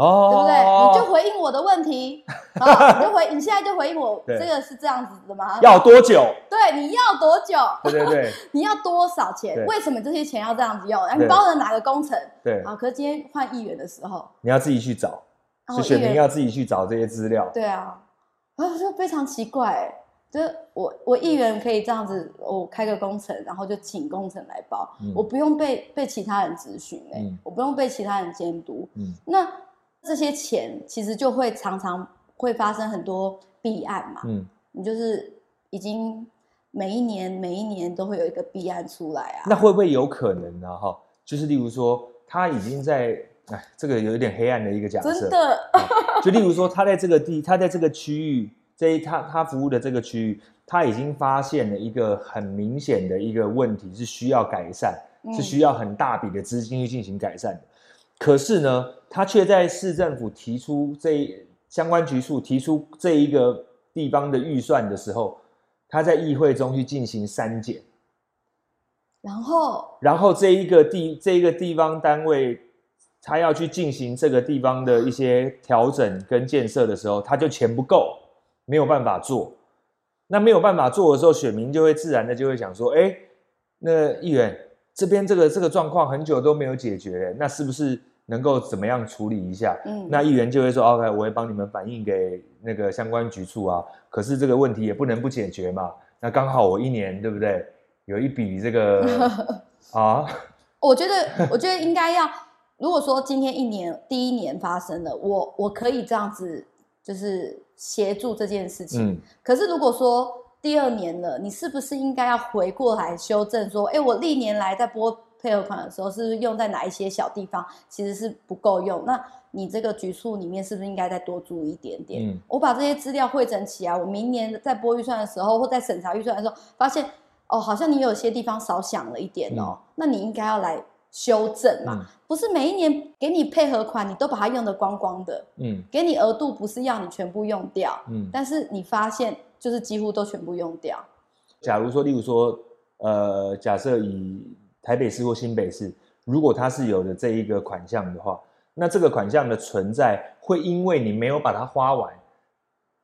哦，對不對？你就回應我的問題，好，你就回，你現在就回應我，這個是這樣子的嗎？要多久？對，你要多久？對對對，你要多少錢？為什麼這些錢要這樣子用？你包的哪個工程？對，好。可是今天換議員的時候，你要自己去找，就肯你要自己去找這些資料。對啊，我就非常奇怪，就是我我議員可以這樣子，我開個工程，然後就請工程來包，我不用被被其他人質詢，哎，我不用被其他人監督，嗯，那。這些錢其實就會常常會發生很多弊案嘛，嗯，你就是已經每一年每一年都會有一個弊案出來啊。那會不會有可能呢？哈，就是例如說，他已經在哎，這個有一點黑暗的一個假設，真的， 就例如說，他在這個地，他在這個區域，這一，他他服務的這個區域，他已經發現了一個很明顯的一個問題，是需要改善，嗯、是需要很大筆的資金去進行改善的。可是呢，他卻在市政府提出這一相關局處提出這一個地方的預算的時候，他在議會中去進行刪減，然後，然後這一個地這一個地方單位，他要去進行這個地方的一些調整跟建設的時候，他就錢不夠，沒有辦法做。那沒有辦法做的時候，選民就會自然的就會想說，哎，那議員這邊這個這個狀況很久都沒有解決，那是不是？能夠怎麼樣處理一下？嗯，那議員就會說：“OK，、嗯啊、我會幫你們反映給那個相關局處啊。”可是這個問題也不能不解決嘛。那剛好我一年，對不對？有一筆這個呵呵啊，我覺得，我覺得應該要。 如果說今天一年第一年發生了，我我可以這樣子，就是協助這件事情。嗯、可是如果說第二年了，你是不是應該要回過來修正說：“哎、欸，我歷年來在播。”配合款的時候，是不是用在哪一些小地方，其實是不夠用。那你這個局數裡面是不是應該再多注意一點點？嗯，我把這些資料彙整起來，我明年在播預算的時候或在審查預算的時候，發現哦，好像你有些地方少想了一點哦。嗯，那你應該要來修正嘛？嗯，不是每一年給你配合款，你都把它用得光光的。嗯，給你額度不是要你全部用掉。嗯，但是你發現就是幾乎都全部用掉。假如說，例如說，呃，假設以台北市或新北市，如果他是有的這一個款項的話，那這個款項的存在會因為你沒有把它花完，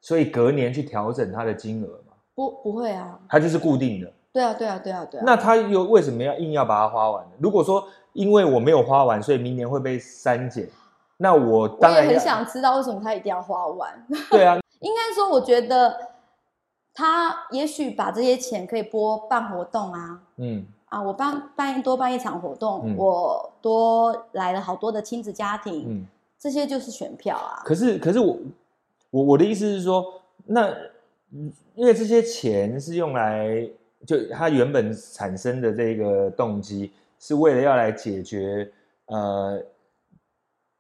所以隔年去調整它的金額嗎？不，不會啊，它就是固定的。對啊，對啊，對啊，對啊。那他又為什麼要硬要把它花完呢？如果說因為我沒有花完，所以明年會被刪減，那我當然我也很想知道為什麼他一定要花完。對啊， 應該說，我覺得他也許把這些錢可以撥辦活動啊，嗯。啊，我辦辦多辦一場活動，嗯、我多來了好多的親子家庭，嗯、這些就是選票啊。可是，可是我我我的意思是說，那因為這些錢是用來，就它原本產生的這個動機是為了要來解決呃，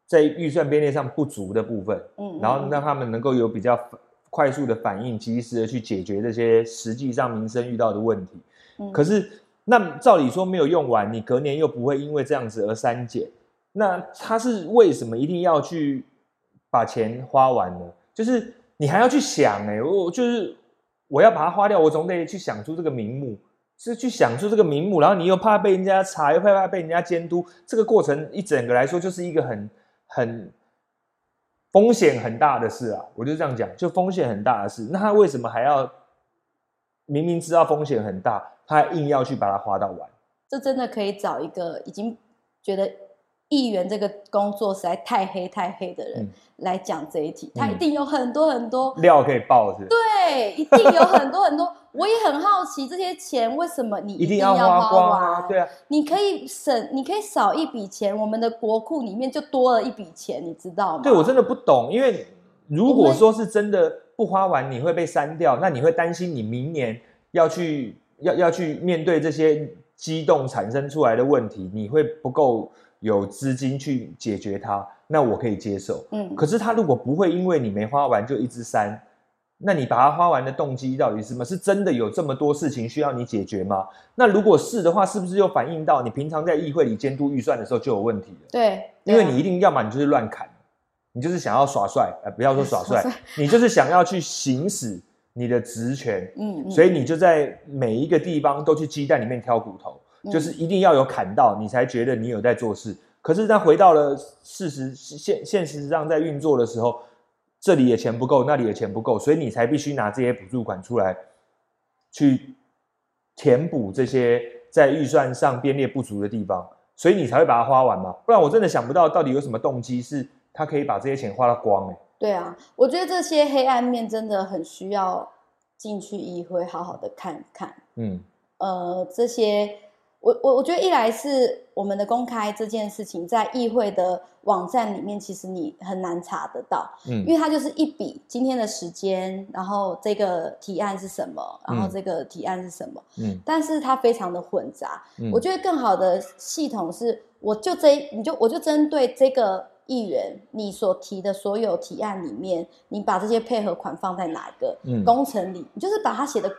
在預算編列上不足的部分，嗯,嗯，然後讓他們能夠有比較快速的反應，及時的去解決這些實際上民生遇到的問題，嗯、可是。那照理說沒有用完，你隔年又不會因為這樣子而刪減。那他是為什麼一定要去把錢花完呢？就是你還要去想，哎，我就是我要把它花掉，我總得去想出這個名目，是去想出這個名目，然後你又怕被人家查，又怕怕被人家監督。這個過程一整個來說就是一個很很風險很大的事啊！我就這樣講，就風險很大的事。那他為什麼還要明明知道風險很大？他硬要去把它花到完，這真的可以找一個已經覺得議員這個工作實在太黑太黑的人來講這一題。他一定有很多很多、嗯嗯、料可以爆，是是，是對，一定有很多很多。 我也很好奇，這些錢為什麼你一定要花完，啊啊？對啊，你可以省，你可以少一筆錢，我們的國庫裡面就多了一筆錢，你知道嗎？對，我真的不懂，因為如果說是真的不花完，你會被刪掉，為那你會擔心你明年要去。要要去面對這些激動產生出來的問題，你會不夠有資金去解決它，那我可以接受。嗯，可是他如果不會因為你沒花完就一直刪，那你把它花完的動機到底是什麼？是真的有這麼多事情需要你解決嗎？那如果是的話，是不是又反映到你平常在議會裡監督預算的時候就有問題了？對，對啊、因為你一定要嘛你就是亂砍，你就是想要耍帥，呃、不要說耍帥， 耍帥你就是想要去行使。你的職權，嗯，所以你就在每一個地方都去雞蛋裡面挑骨頭，就是一定要有砍到你才覺得你有在做事。可是，在回到了事實現現實上，在運作的時候，這裡也錢不夠，那裡也錢不夠，所以你才必須拿這些補助款出來去填補這些在預算上編列不足的地方，所以你才會把它花完嘛。不然我真的想不到到底有什麼動機是他可以把這些錢花到光欸。對啊，我覺得這些黑暗面真的很需要進去議會，好好的看看。嗯，呃，這些我我我覺得一來是我們的公開這件事情，在議會的網站裡面，其實你很難查得到。嗯，因為它就是一筆今天的時間，然後這個提案是什麼，然後這個提案是什麼。嗯，但是它非常的混雜。嗯，我覺得更好的系統是，我就這一你就我就針對這個。議員，你所提的所有提案裡面，你把這些配合款放在哪一個工程裡？嗯、你就是把它寫的，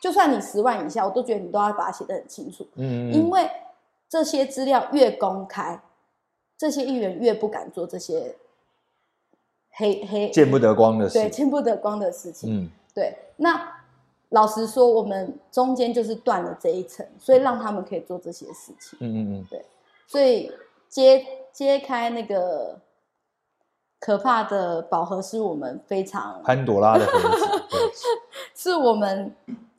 就算你十萬以下，我都覺得你都要把它寫得很清楚。嗯嗯，因為這些資料越公開，這些議員越不敢做這些黑黑見不得光的事。對，見不得光的事情。嗯、對。那老實說，我們中間就是斷了這一層，所以讓他們可以做這些事情。嗯嗯嗯，對。所以接。揭開那個可怕的寶盒是我們非常潘多拉的東西。 是我們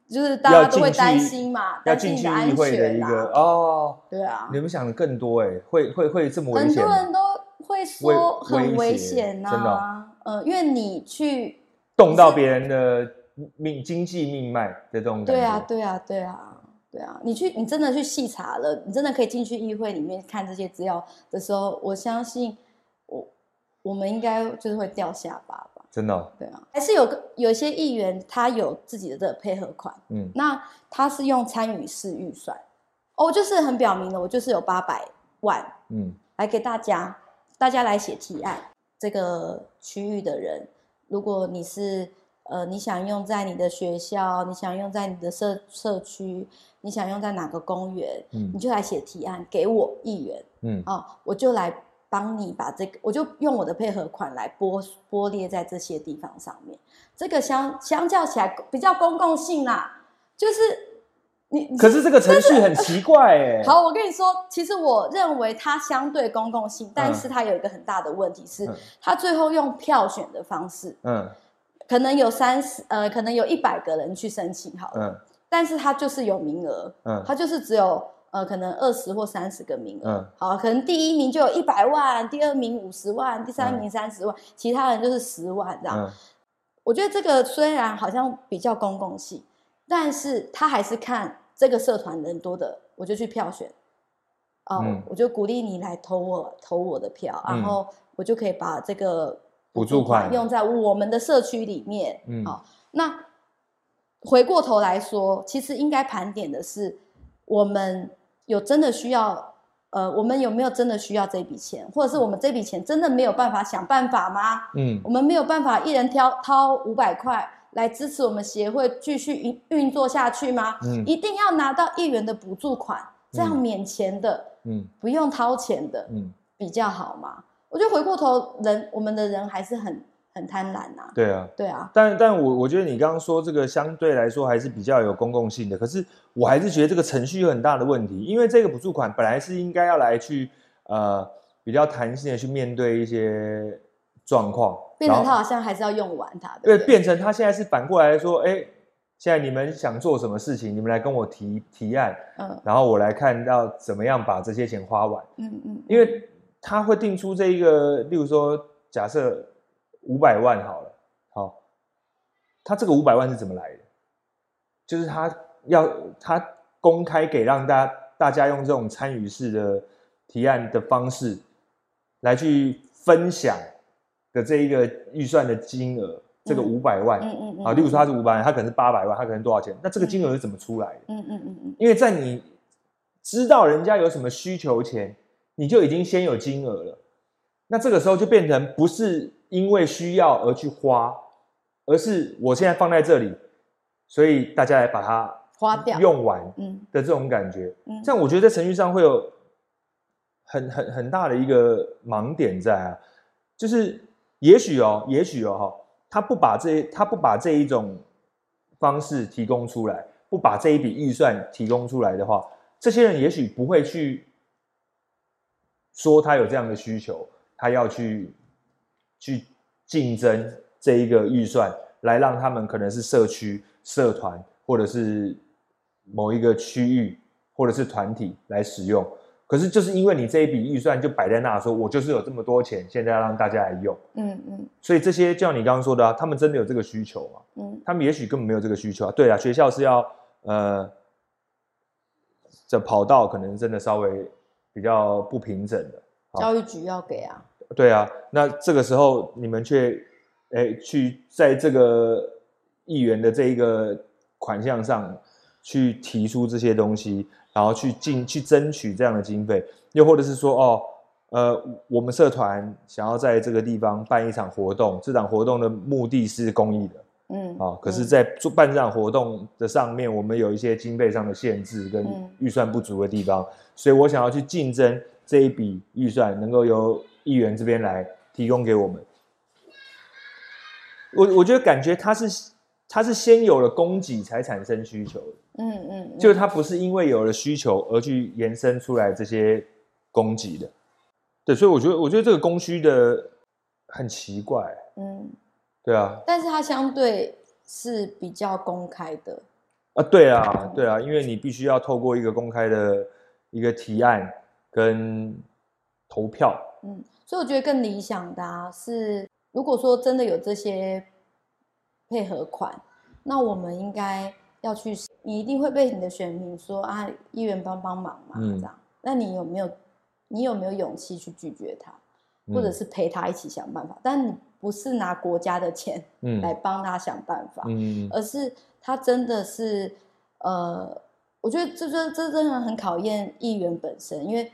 就是大家都會擔心嘛，要進去心安全進進議會的一個哦，對啊，你們想的更多哎、欸，會會會這麼危險，很多人都會說很危險啊，嗯，因為、呃、你去動到別人的命經濟命脈的這種感覺，對啊，對啊，對啊。對啊，你去你真的去細查了，你真的可以進去議會裡面看這些資料的時候，我相信我我們應該就是會掉下巴吧。真的、哦，對啊，還是有個有一些議員他有自己的這個配合款，嗯，那他是用參與式預算，哦、oh，就是很表明了，我就是有八百萬，嗯，來給大家大家來寫提案，這個區域的人，如果你是。呃，你想用在你的學校，你想用在你的社社區，你想用在哪個公園，嗯、你就來寫提案給我議員，嗯，啊，我就來幫你把這個，我就用我的配合款來撥撥列在這些地方上面。這個相相較起來比較公共性啦，就是你。可是這個程序是很奇怪哎、欸。好，我跟你說，其實我認為它相對公共性，但是它有一個很大的問題是，嗯、它最後用票選的方式，嗯。可能有三十，呃，可能有一百個人去申請好了，嗯，但是他就是有名額，嗯，他就是只有，呃，可能二十或三十個名額，嗯，好，可能第一名就有一百萬，第二名五十萬，第三名三十萬，嗯，其他人就是十萬這樣。嗯，我覺得這個雖然好像比較公共性，但是他還是看這個社團人多的，我就去票選，哦，嗯，我就鼓勵你來投我，投我的票，然後我就可以把這個。補助款用在我們的社區裡面，嗯，好、哦，那回過頭來說，其實應該盤點的是，我們有真的需要，呃，我們有沒有真的需要這筆錢，或者是我們這筆錢真的沒有辦法想辦法嗎？嗯，我們沒有辦法一人挑掏五百塊來支持我們協會繼續運作下去嗎？嗯，一定要拿到一元的補助款，這樣免錢的，嗯，不用掏錢的，嗯，比較好嗎？我覺得回過頭人，人，我們的人還是很很貪婪吶，啊。對啊，對啊。但但我我覺得你剛剛說這個相對來說還是比較有公共性的，可是我還是覺得這個程序有很大的問題，因為這個補助款本來是應該要來去呃比較彈性的去面對一些狀況，變成他好像還是要用完它的。對，對，因為變成他現在是反過來說，哎，現在你們想做什麼事情，你們來跟我提提案，嗯，然後我來看要怎麼樣把這些錢花完，嗯嗯，因為。他會定出這一個，例如說，假設五百萬好了，好，他這個五百萬是怎麼來的？就是他要他公開給讓大家大家用這種參與式的提案的方式來去分享的這一個預算的金額，這個五百萬，嗯嗯，啊，例如說他是五百萬，他可能是八百萬，他可能多少錢？那這個金額是怎麼出來的？嗯嗯嗯嗯，因為在你知道人家有什麼需求前，你就已經先有金額了，那這個時候就變成不是因為需要而去花，而是我現在放在這裡，所以大家來把它花掉、用完的這種感覺。這樣、嗯、我覺得在程序上會有很很很大的一個盲點在啊，就是也許哦，也許哦，他不把這他不把這一種方式提供出來，不把這一筆預算提供出來的話，這些人也許不會去，說他有這樣的需求，他要去去競爭這一個預算，來讓他們可能是社區社團或者是某一個區域或者是團體來使用。可是就是因為你這一筆預算就擺在那說，說我就是有這麼多錢，現在要讓大家來用。嗯嗯。嗯，所以這些就像你剛剛說的啊，他們真的有這個需求嗎？嗯。他們也許根本沒有這個需求啊。對啊，學校是要呃這跑道可能真的稍微。比較不平整的，教育局要給啊？對啊，那這個時候你們卻哎、欸、去在這個議員的這一個款項上去提出這些東西，然後去進、嗯、去爭取這樣的經費，又或者是說哦，呃，我們社團想要在這個地方辦一場活動，這場活動的目的是公益的。嗯啊、嗯哦，可是，在做辦這場活動的上面，嗯、我們有一些經費上的限制跟預算不足的地方，嗯、所以我想要去競爭這一筆預算，能夠由議員這邊來提供給我們。我我覺得感覺它是，他是先有了供給才產生需求，嗯，嗯嗯，就是它不是因為有了需求而去延伸出來這些供給的，對，所以我覺得我覺得這個供需的很奇怪，嗯。對啊，但是它相對是比較公開的，啊，對啊，嗯、對啊，因為你必須要透過一個公開的一個提案跟投票，嗯，所以我覺得更理想的啊是，如果說真的有這些配合款，那我們應該要去，你一定會被你的選民說啊，議員幫幫，幫忙嘛，嗯、這樣，那你有沒有，你有沒有勇氣去拒絕他，或者是陪他一起想辦法？嗯、但你。不是拿國家的錢來幫他想辦法，嗯嗯嗯嗯、而是他真的是，呃，我覺得這這這真的很考驗議員本身，因為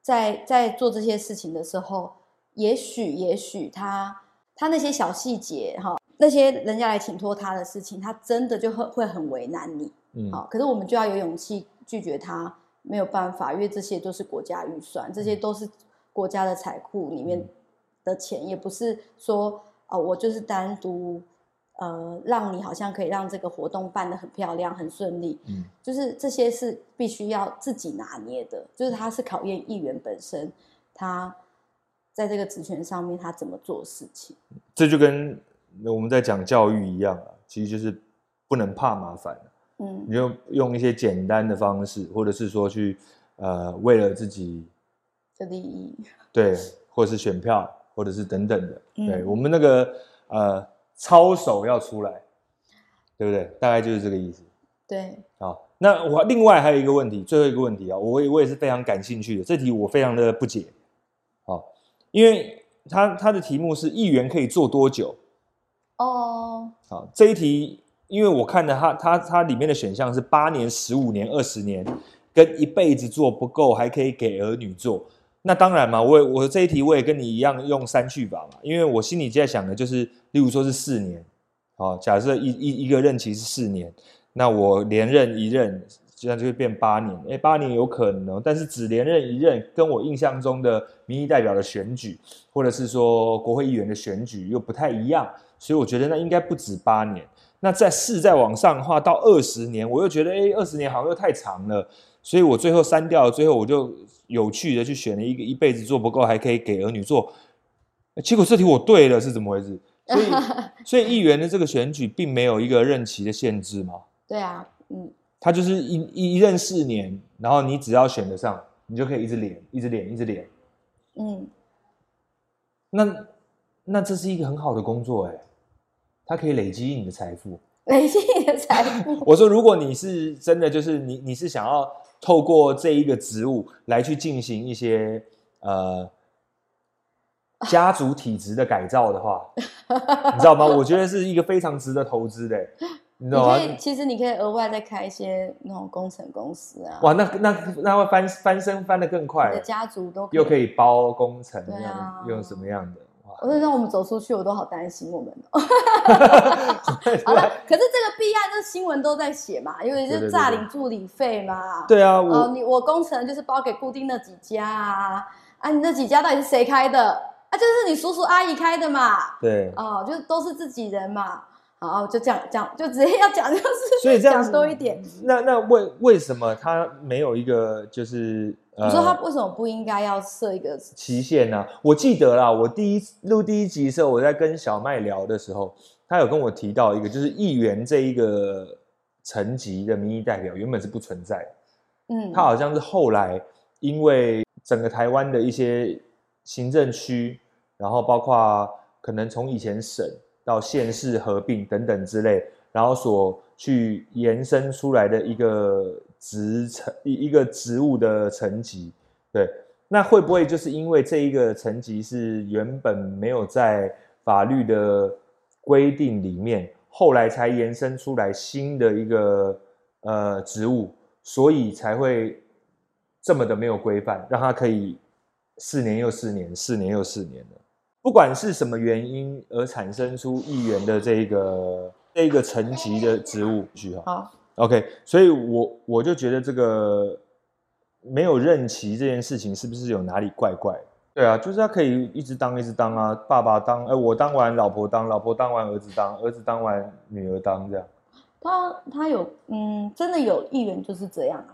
在在做這些事情的時候，也許也許他他那些小細節哈、哦，那些人家來請托他的事情，他真的就會會很為難你。好、嗯哦，可是我們就要有勇氣拒絕他，沒有辦法，因為這些都是國家預算，這些都是國家的財庫裡面、嗯。嗯的錢也不是說，哦，我就是單獨，呃，讓你好像可以讓這個活動辦得很漂亮，很順利，嗯，就是這些是必須要自己拿捏的，就是他是考驗議員本身，他在這個職權上面他怎麼做事情。這就跟我們在講教育一樣啊，其實就是不能怕麻煩，嗯，你就用一些簡單的方式，或者是說去，呃，為了自己的利益，對，或是選票。或者是等等的、嗯對，對我們那個呃操守要出來，對不對？大概就是這個意思。對，好、哦，那我另外還有一個問題，最後一個問題啊、哦，我我也是非常感興趣的，這題我非常的不解。好、哦，因為它它的題目是議員可以做多久？哦，好、哦，這一題，因為我看的它它它裡面的選項是八年、十五年、二十年，跟一輩子做不夠，還可以給兒女做。那當然嘛，我也我這一題我也跟你一樣用三句吧嘛，因為我心裡在想的就是，例如說是四年，好，假設一一一個任期是四年，那我連任一任，這樣就會變八年。哎、欸，八年有可能、喔，但是只連任一任，跟我印象中的民意代表的選舉，或者是說國會議員的選舉又不太一樣，所以我覺得那應該不止八年。那在四再往上的話，到二十年，我又覺得哎、欸，二十年好像又太長了。所以我最後刪掉了，最後我就有趣的去選了一個一輩子做不夠，還可以給兒女做。結果這題我對了，是怎麼回事？所以，所以議員的這個選舉並沒有一個任期的限制嘛？對啊，嗯。他就是一一任四年，然後你只要選得上，你就可以一直連，一直連，一直連。嗯。那那這是一個很好的工作誒，它可以累積你的財富，累積你的財富。我說，如果你是真的，就是你你是想要。透過這一個職務來去進行一些呃家族體質的改造的話， 你知道嗎？我覺得是一個非常值得投資的，你知道嗎？其實你可以額外再開一些那種工程公司啊！哇，那那那會翻翻身翻得更快，的家族都可以，又可以包工程，用什麼樣的？我說，那我們走出去，我都好擔心我們。 好了，可是這個弊案的新聞都在寫嘛，因為就詐領助理費嘛。對、呃、啊，我你我工程就是包給固定那幾家啊，啊，你那幾家到底是誰開的？啊，就是你叔叔阿姨開的嘛。對。哦，就是都是自己人嘛。啊，就這樣講，就直接要講就是講，所以這樣多一點。那那為為什麼他沒有一個就是？你說他為什麼不應該要設一個、呃、期限呢、啊？我記得啦，我第一錄第一集的時候，我在跟小麥聊的時候，他有跟我提到一個，就是議員這一個層級的民意代表原本是不存在。嗯，他好像是後來因為整個台灣的一些行政區，然後包括可能從以前省。到縣市合併等等之類，然後所去延伸出來的一個職層，一一個職務的層級，對，那會不會就是因為這一個層級是原本沒有在法律的規定裡面，後來才延伸出來新的一個呃職務，所以才會這麼的沒有規範，讓他可以四年又四年，四年又四年了，不管是什麼原因而產生出議員的這個這個層級的職務，好，OK，所以我我就覺得這個沒有任期這件事情是不是有哪裡怪怪？對啊，就是他可以一直當一直當啊，爸爸當，欸、我當完，老婆當，老婆當完，兒子當，兒子當完，女兒當這樣。他他有，嗯，真的有議員就是這樣啊。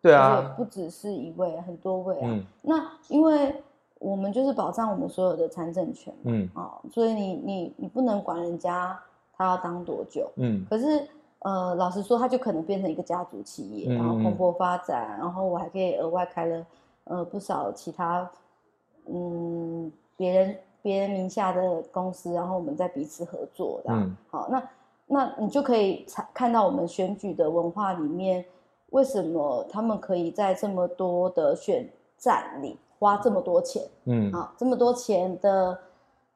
對啊，不只是一位，很多位啊。嗯、那因為。我們就是保障我們所有的參政權嗯。啊、哦，所以你你你不能管人家他要當多久，嗯，可是呃，老實說，他就可能變成一個家族企業，然後蓬勃發展，然後我還可以額外開了呃不少其他嗯別人別人名下的公司，然後我們再彼此合作的，嗯、好，那那你就可以看到我們選舉的文化裡面，為什麼他們可以在這麼多的選戰裡。花這麼多錢，嗯，好，這麼多錢的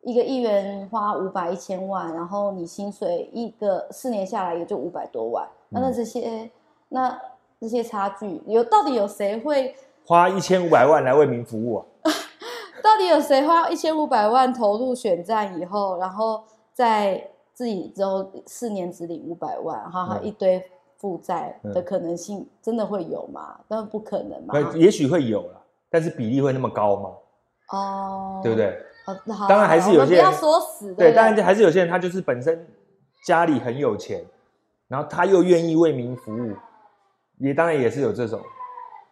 一個議員花五百一千萬，然後你薪水一個四年下來也就五百多萬，嗯、那這些那這些差距有到底有誰會花一千五百萬來為民服務啊？ 到底有誰花一千五百萬投入選戰以後，然後在自己之後四年只領五百萬，哈哈一堆負債的可能性真的會有嗎？當然、嗯嗯、不可能嘛？對，也許會有啦。但是比例會那麼高嗎？哦，對不對？哦，好，當然還是有些人，要說死對，對，當然還是有些人，他就是本身家裡很有錢，然後他又願意為民服務，也當然也是有這種，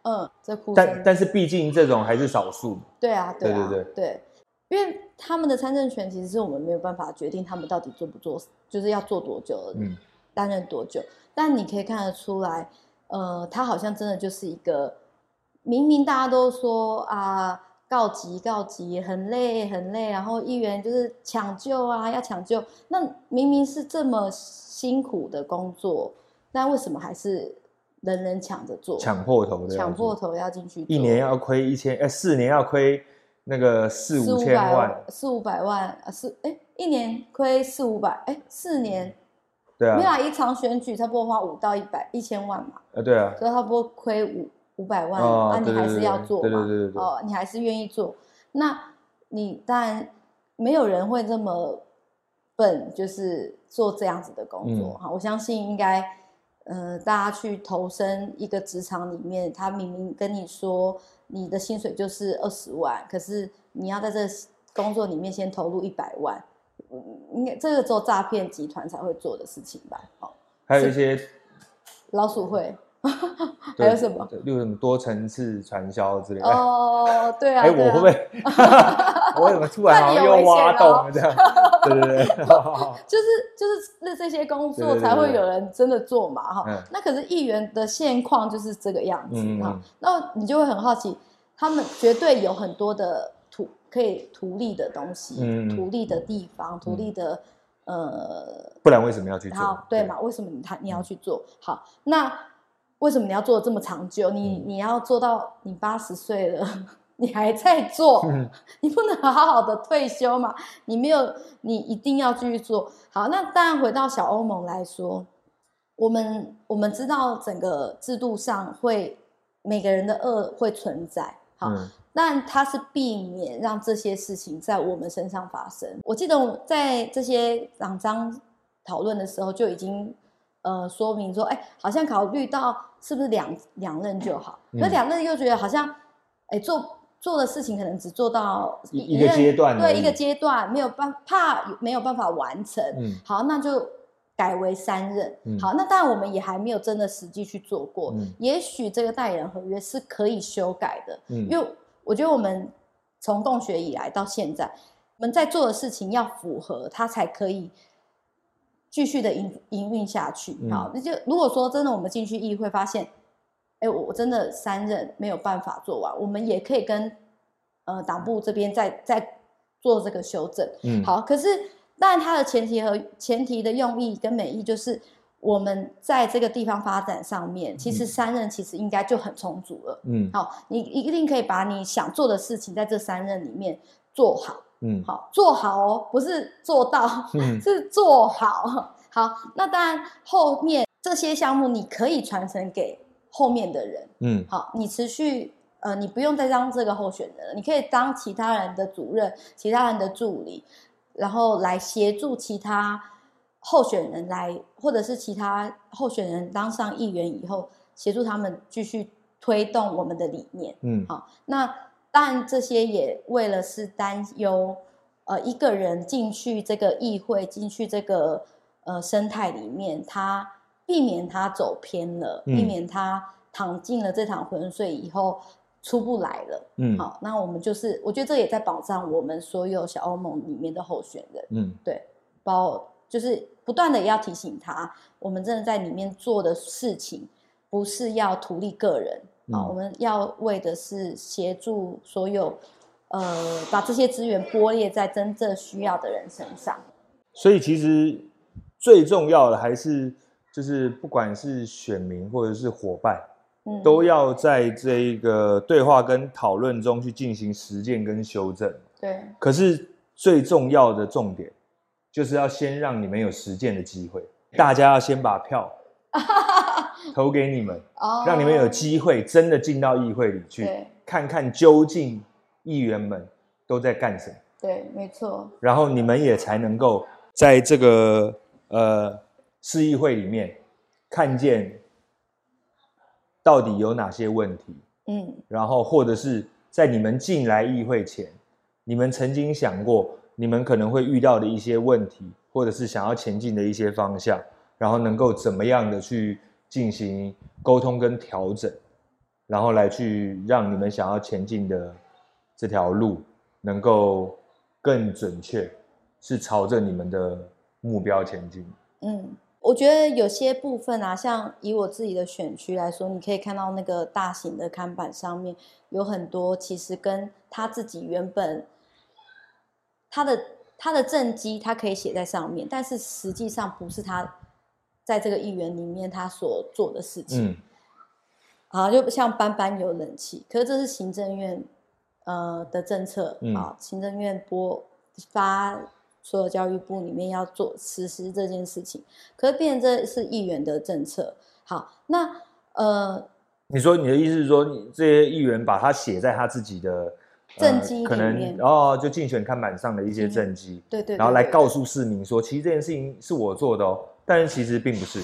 嗯，這哭，但但是畢竟這種還是少數。對啊，對啊，對對對，對，因為他們的參政權其實是我們沒有辦法決定他們到底做不做，就是要做多久了，嗯，擔任多久。但你可以看得出來，呃，他好像真的就是一個。明明大家都說啊，告急告急，很累很累，然後議員就是搶救啊，要搶救。那明明是這麼辛苦的工作，那為什麼還是人人搶着做？搶破頭，搶破頭要進去。一年要虧一千，呃、欸，四年要虧那個四五千萬，四五百萬,五百萬啊，四哎、欸、一年虧四五百，哎、欸，四年。嗯、對啊。因為、啊、一場選舉差不多花五到一百一千萬嘛。啊、呃，對啊。所以差不多虧五。五百萬，那、哦啊、你還是要做嘛？哦，你還是願意做？那你當然沒有人會這麼笨，就是做這樣子的工作哈、嗯。我相信應該、呃，大家去投身一個職場裡面，他明明跟你說你的薪水就是二十萬，可是你要在這個工作裡面先投入一百萬、嗯，應該這個做詐騙集團才會做的事情吧？還有一些老鼠會。還有什麼？有什麼多層次傳銷之類的哦，對啊。我會不會我怎麼出來然後又挖洞。對對對，就是就是那這些工作才會有人真的做嘛哈。那可是議員的現況就是這個樣子哈。那你就會很好奇，他們絕對有很多的圖可以圖利的東西，圖利的地方，圖利的呃，不然為什麼要去做？對嘛？為什麼他你要去做？好，那。為什麼你要做這麼長久？你你要做到你八十歲了，你還在做，你不能好好的退休嘛？你沒有，你一定要繼續做好。那當然，回到小歐盟來說，我們我們知道整個制度上會每個人的惡會存在，好，嗯、但它是避免讓這些事情在我們身上發生。我記得我在這些黨章討論的時候就已經呃說明說，哎、欸，好像考慮到。是不是兩兩任就好？嗯、可兩任又覺得好像，哎、欸，做做的事情可能只做到一,一個階段，對，一個階段沒有辦怕沒有辦法完成。嗯、好，那就改為三任。嗯、好，那當然我們也還沒有真的實際去做過。嗯、也許這個代理人合約是可以修改的。嗯、因為我覺得我們從共學以來到現在，我們在做的事情要符合它才可以。繼續的營營運下去，好，那就如果說真的，我們進去議會發現，哎、欸，我真的三任沒有辦法做完，我們也可以跟呃黨部這邊再再做這個修正，嗯，好，可是，但它的前提和前提的用意跟美意就是，我們在這個地方發展上面，其實三任其實應該就很充足了，嗯，好，你一定可以把你想做的事情在這三任裡面做好。嗯，好，做好哦，不是做到，嗯，是做好。好，那當然，後面這些項目你可以傳承給後面的人。嗯，好，你持續呃，你不用再當這個候選人了，你可以當其他人的主任，其他人的助理，然後來協助其他候選人來，或者是其他候選人當上議員以後，協助他們繼續推動我們的理念。嗯，好，那。但這些也為了是擔憂，呃，一個人進去這個議會，進去這個呃生態裡面，他避免他走偏了，嗯、避免他躺進了這場渾水以後出不來了。嗯，好、啊，那我們就是，我覺得這也在保障我們所有小歐盟裡面的候選人。嗯，對，包括，就是不斷的也要提醒他，我們真的在裡面做的事情不是要圖利個人。哦，我們要為的是協助所有，呃，把這些資源撥列在真正需要的人身上。所以，其實最重要的還是，就是不管是選民或者是夥伴，嗯，都要在這一個對話跟討論中去進行實踐跟修正。對。可是最重要的重點，就是要先讓你們有實踐的機會。大家要先把票。投給你們哦，讓你們有機會真的進到議會裡去，看看究竟議員們都在幹什麼。對，沒錯。然後你們也才能夠在這個呃市議會裡面看見到底有哪些問題。嗯。然後或者是在你們進來議會前，你們曾經想過你們可能會遇到的一些問題，或者是想要前進的一些方向，然後能夠怎麼樣的去。進行溝通跟調整，然後來去讓你們想要前進的這條路能夠更準確，是朝着你們的目標前進。嗯，我覺得有些部分啊，像以我自己的選區來說，你可以看到那個大型的看板上面有很多，其實跟他自己原本他的他的政績，他可以寫在上面，但是實際上不是他。在這個議員裡面，他所做的事情、嗯，好，就像班班有冷氣，可是這是行政院呃的政策，嗯、行政院撥發所有教育部裡面要做實施這件事情，可是變成這是議員的政策。好，那呃，你說你的意思是說，這些議員把他寫在他自己的政績裡面，然、呃哦、就競選看板上的一些政績、嗯，對對，對，然後來告訴市民說，對對對對，其實這件事情是我做的哦。但其實並不是，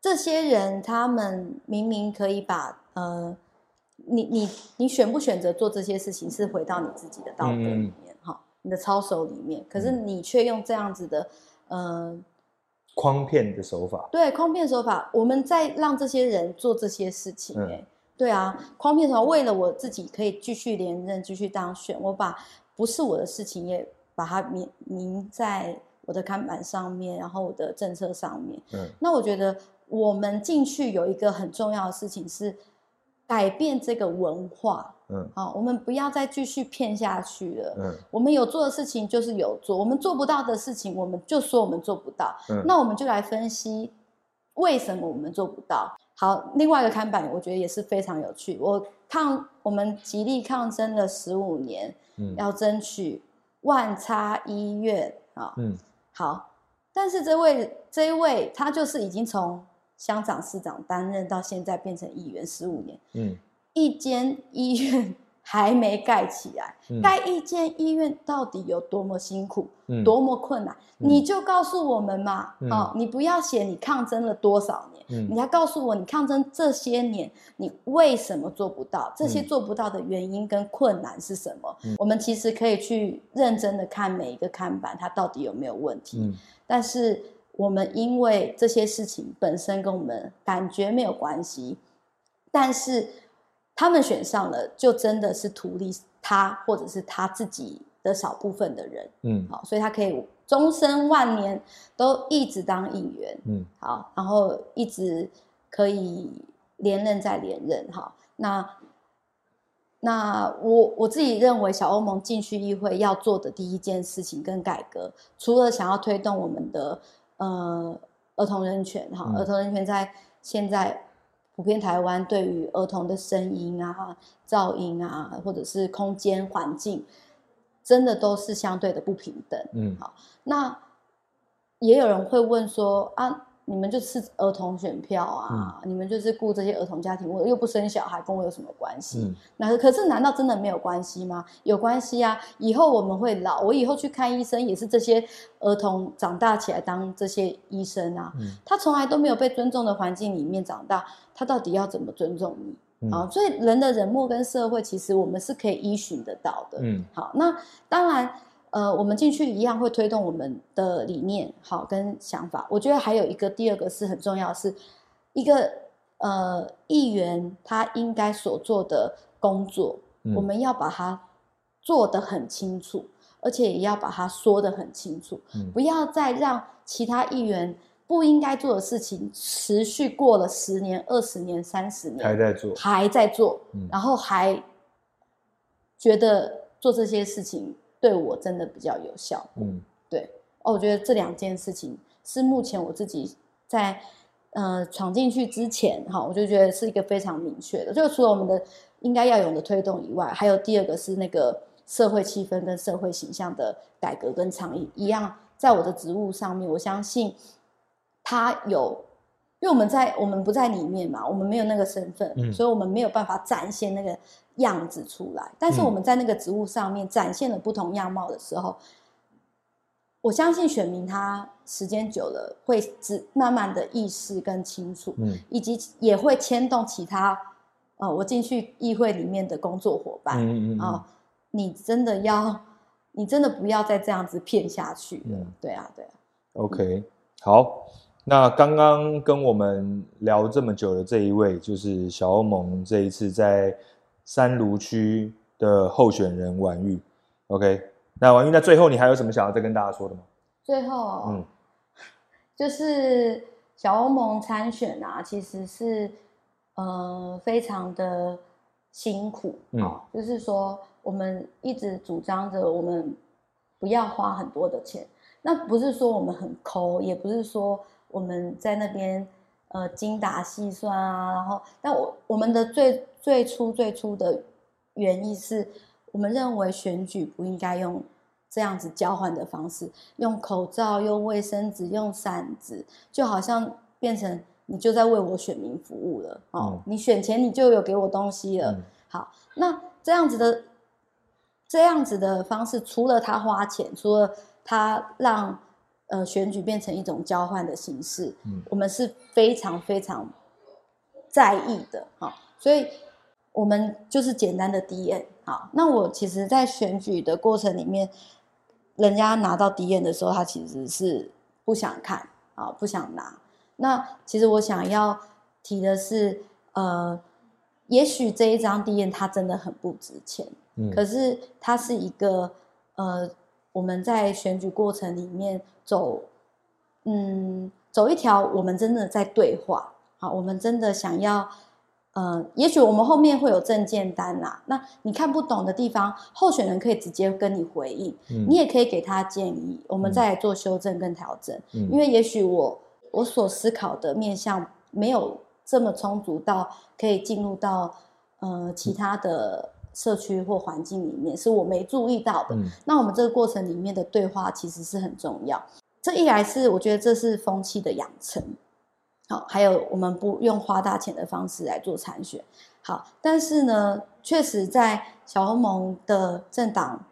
這些人他們明明可以把呃，你你你選不選擇做這些事情是回到你自己的道德裡面哈、嗯嗯，你的操守裡面。可是你卻用這樣子的呃，誆騙的手法。對，誆騙手法，我們在讓這些人做這些事情。嗯、對啊，誆騙手法，為了我自己可以繼續連任、繼續當選，我把不是我的事情也把它明，明在。我的看板上面，然後我的政策上面，嗯，那我覺得我們進去有一個很重要的事情是改變這個文化，嗯，好，啊，我們不要再繼續騙下去了，嗯，我們有做的事情就是有做，我們做不到的事情，我們就說我們做不到，嗯，那我們就來分析為什麼我們做不到。好，另外一個看板，我覺得也是非常有趣，我抗我們極力抗爭了十五年，嗯，要爭取萬差醫院啊，嗯。好，但是這位這位，他就是已經從鄉長、市長擔任到現在變成議員十五年，嗯，一間醫院。還沒蓋起來，蓋、嗯、一間醫院到底有多麼辛苦，嗯、多麼困難，嗯、你就告訴我們嘛！嗯、哦，你不要寫你抗爭了多少年，嗯、你要告訴我你抗爭這些年，你為什麼做不到？這些做不到的原因跟困難是什麼？嗯、我們其實可以去認真的看每一個看板，它到底有沒有問題。嗯、但是我們因為這些事情本身跟我們感覺沒有關係，但是。他們選上了，就真的是圖利他或者是他自己的少部分的人，嗯，好，所以他可以終身萬年都一直當議員，嗯，好，然後一直可以連任再連任，哈，那那我我自己認為，小歐盟進去議會要做的第一件事情跟改革，除了想要推動我們的呃兒童人權，哈，嗯，兒童人權在現在。普遍台灣對於兒童的聲音啊、噪音啊，或者是空間環境，真的都是相對的不平等。嗯，好，那也有人會問說啊。你們就是兒童選票啊！嗯、你們就是顧這些兒童家庭，我又不生小孩，跟我有什麼關係？那、嗯、可是難道真的沒有關係嗎？有關係啊！以後我們會老，我以後去看醫生也是這些兒童長大起來當這些醫生啊。嗯、他從來都沒有被尊重的環境裡面長大，他到底要怎麼尊重你？嗯、啊？所以人的冷漠跟社會，其實我們是可以依循得到的。嗯，好，那當然。呃，我們進去一樣會推動我們的理念，好跟想法。我覺得還有一個第二個是很重要的是，是一個呃議員他應該所做的工作，嗯，我們要把它做得很清楚，而且也要把它說得很清楚，嗯，不要再讓其他議員不應該做的事情持續過了十年、二十年、三十年還在做，還在做，嗯，然後還覺得做這些事情，對我真的比較有效，嗯，對哦，我覺得這兩件事情是目前我自己在呃、闖進去之前哈，我就覺得是一個非常明確的，就除了我們的應該要有的推動以外，還有第二個是那個社會氣氛跟社會形象的改革跟倡議一樣，在我的職務上面，我相信他有，因為我們在我們不在裡面嘛，我們沒有那個身份，所以我們沒有辦法展現那個。樣子出來，但是我們在那個植物上面展現了不同樣貌的時候，嗯、我相信選民他時間久了會只慢慢的意識跟清楚，嗯，以及也會牽動其他、呃，我進去議會裡面的工作夥伴，嗯嗯啊、嗯哦，你真的要，你真的不要再這樣子騙下去了，嗯、對啊，對啊，OK，、嗯、好，那剛剛跟我們聊這麼久的這一位，就是小歐盟這一次在。三蘆區的候選人宛毓，OK，那宛毓，那最後你還有什麼想要再跟大家說的嗎？最後，嗯，就是小歐盟參選啊，其實是呃非常的辛苦，嗯，就是說我們一直主張着我們不要花很多的錢，那不是說我們很摳，也不是說我們在那邊。呃，精打細算啊，然後，但我我們的最最初最初的原意是，我們認為選舉不應該用這樣子交換的方式，用口罩、用衛生紙、用扇子，就好像變成你就在為我選民服務了哦，嗯、你選錢，你就有給我東西了。嗯、好，那這樣子的這樣子的方式，除了他花錢，除了他讓。呃，選舉變成一種交換的形式，嗯、我們是非常非常在意的，哦，所以我們就是簡單的 d n、哦、那我其實，在選舉的過程裡面，人家拿到 d n 的時候，他其實是不想看啊，哦，不想拿。那其實我想要提的是，呃，也許這一張 d n 它真的很不值錢，嗯、可是它是一個呃。我們在選舉過程裡面走，嗯，走一條我們真的在對話啊，我們真的想要，嗯、呃，也許我們後面會有政見單啦，那你看不懂的地方，候選人可以直接跟你回應，嗯、你也可以給他建議，我們再來做修正跟調整，嗯、因為也許我我所思考的面向沒有這麼充足到可以進入到、呃、其他的。社區或環境裡面是我沒注意到的。嗯、那我們這個過程裡面的對話其實是很重要。這一來是我覺得這是風氣的養成，好，還有我們不用花大錢的方式來做參選，好。但是呢，確實在小歐盟的政黨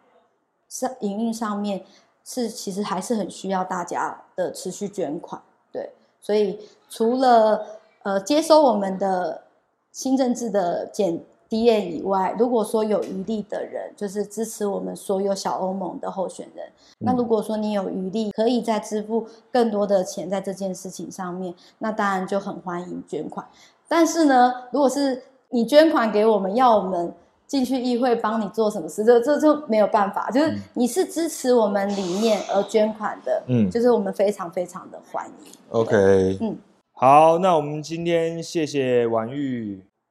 上營運上面是其實還是很需要大家的持續捐款，對。所以除了呃接收我們的新政治的減。D A 以外，如果說有餘力的人，就是支持我們所有小歐盟的候選人。嗯、那如果說你有餘力，可以再支付更多的錢在這件事情上面，那當然就很歡迎捐款。但是呢，如果是你捐款給我們，要我們進去議會幫你做什麼事，這這就沒有辦法。就是你是支持我們理念而捐款的，嗯，就是我們非常非常的歡迎。OK，嗯，好，那我們今天謝謝宛毓。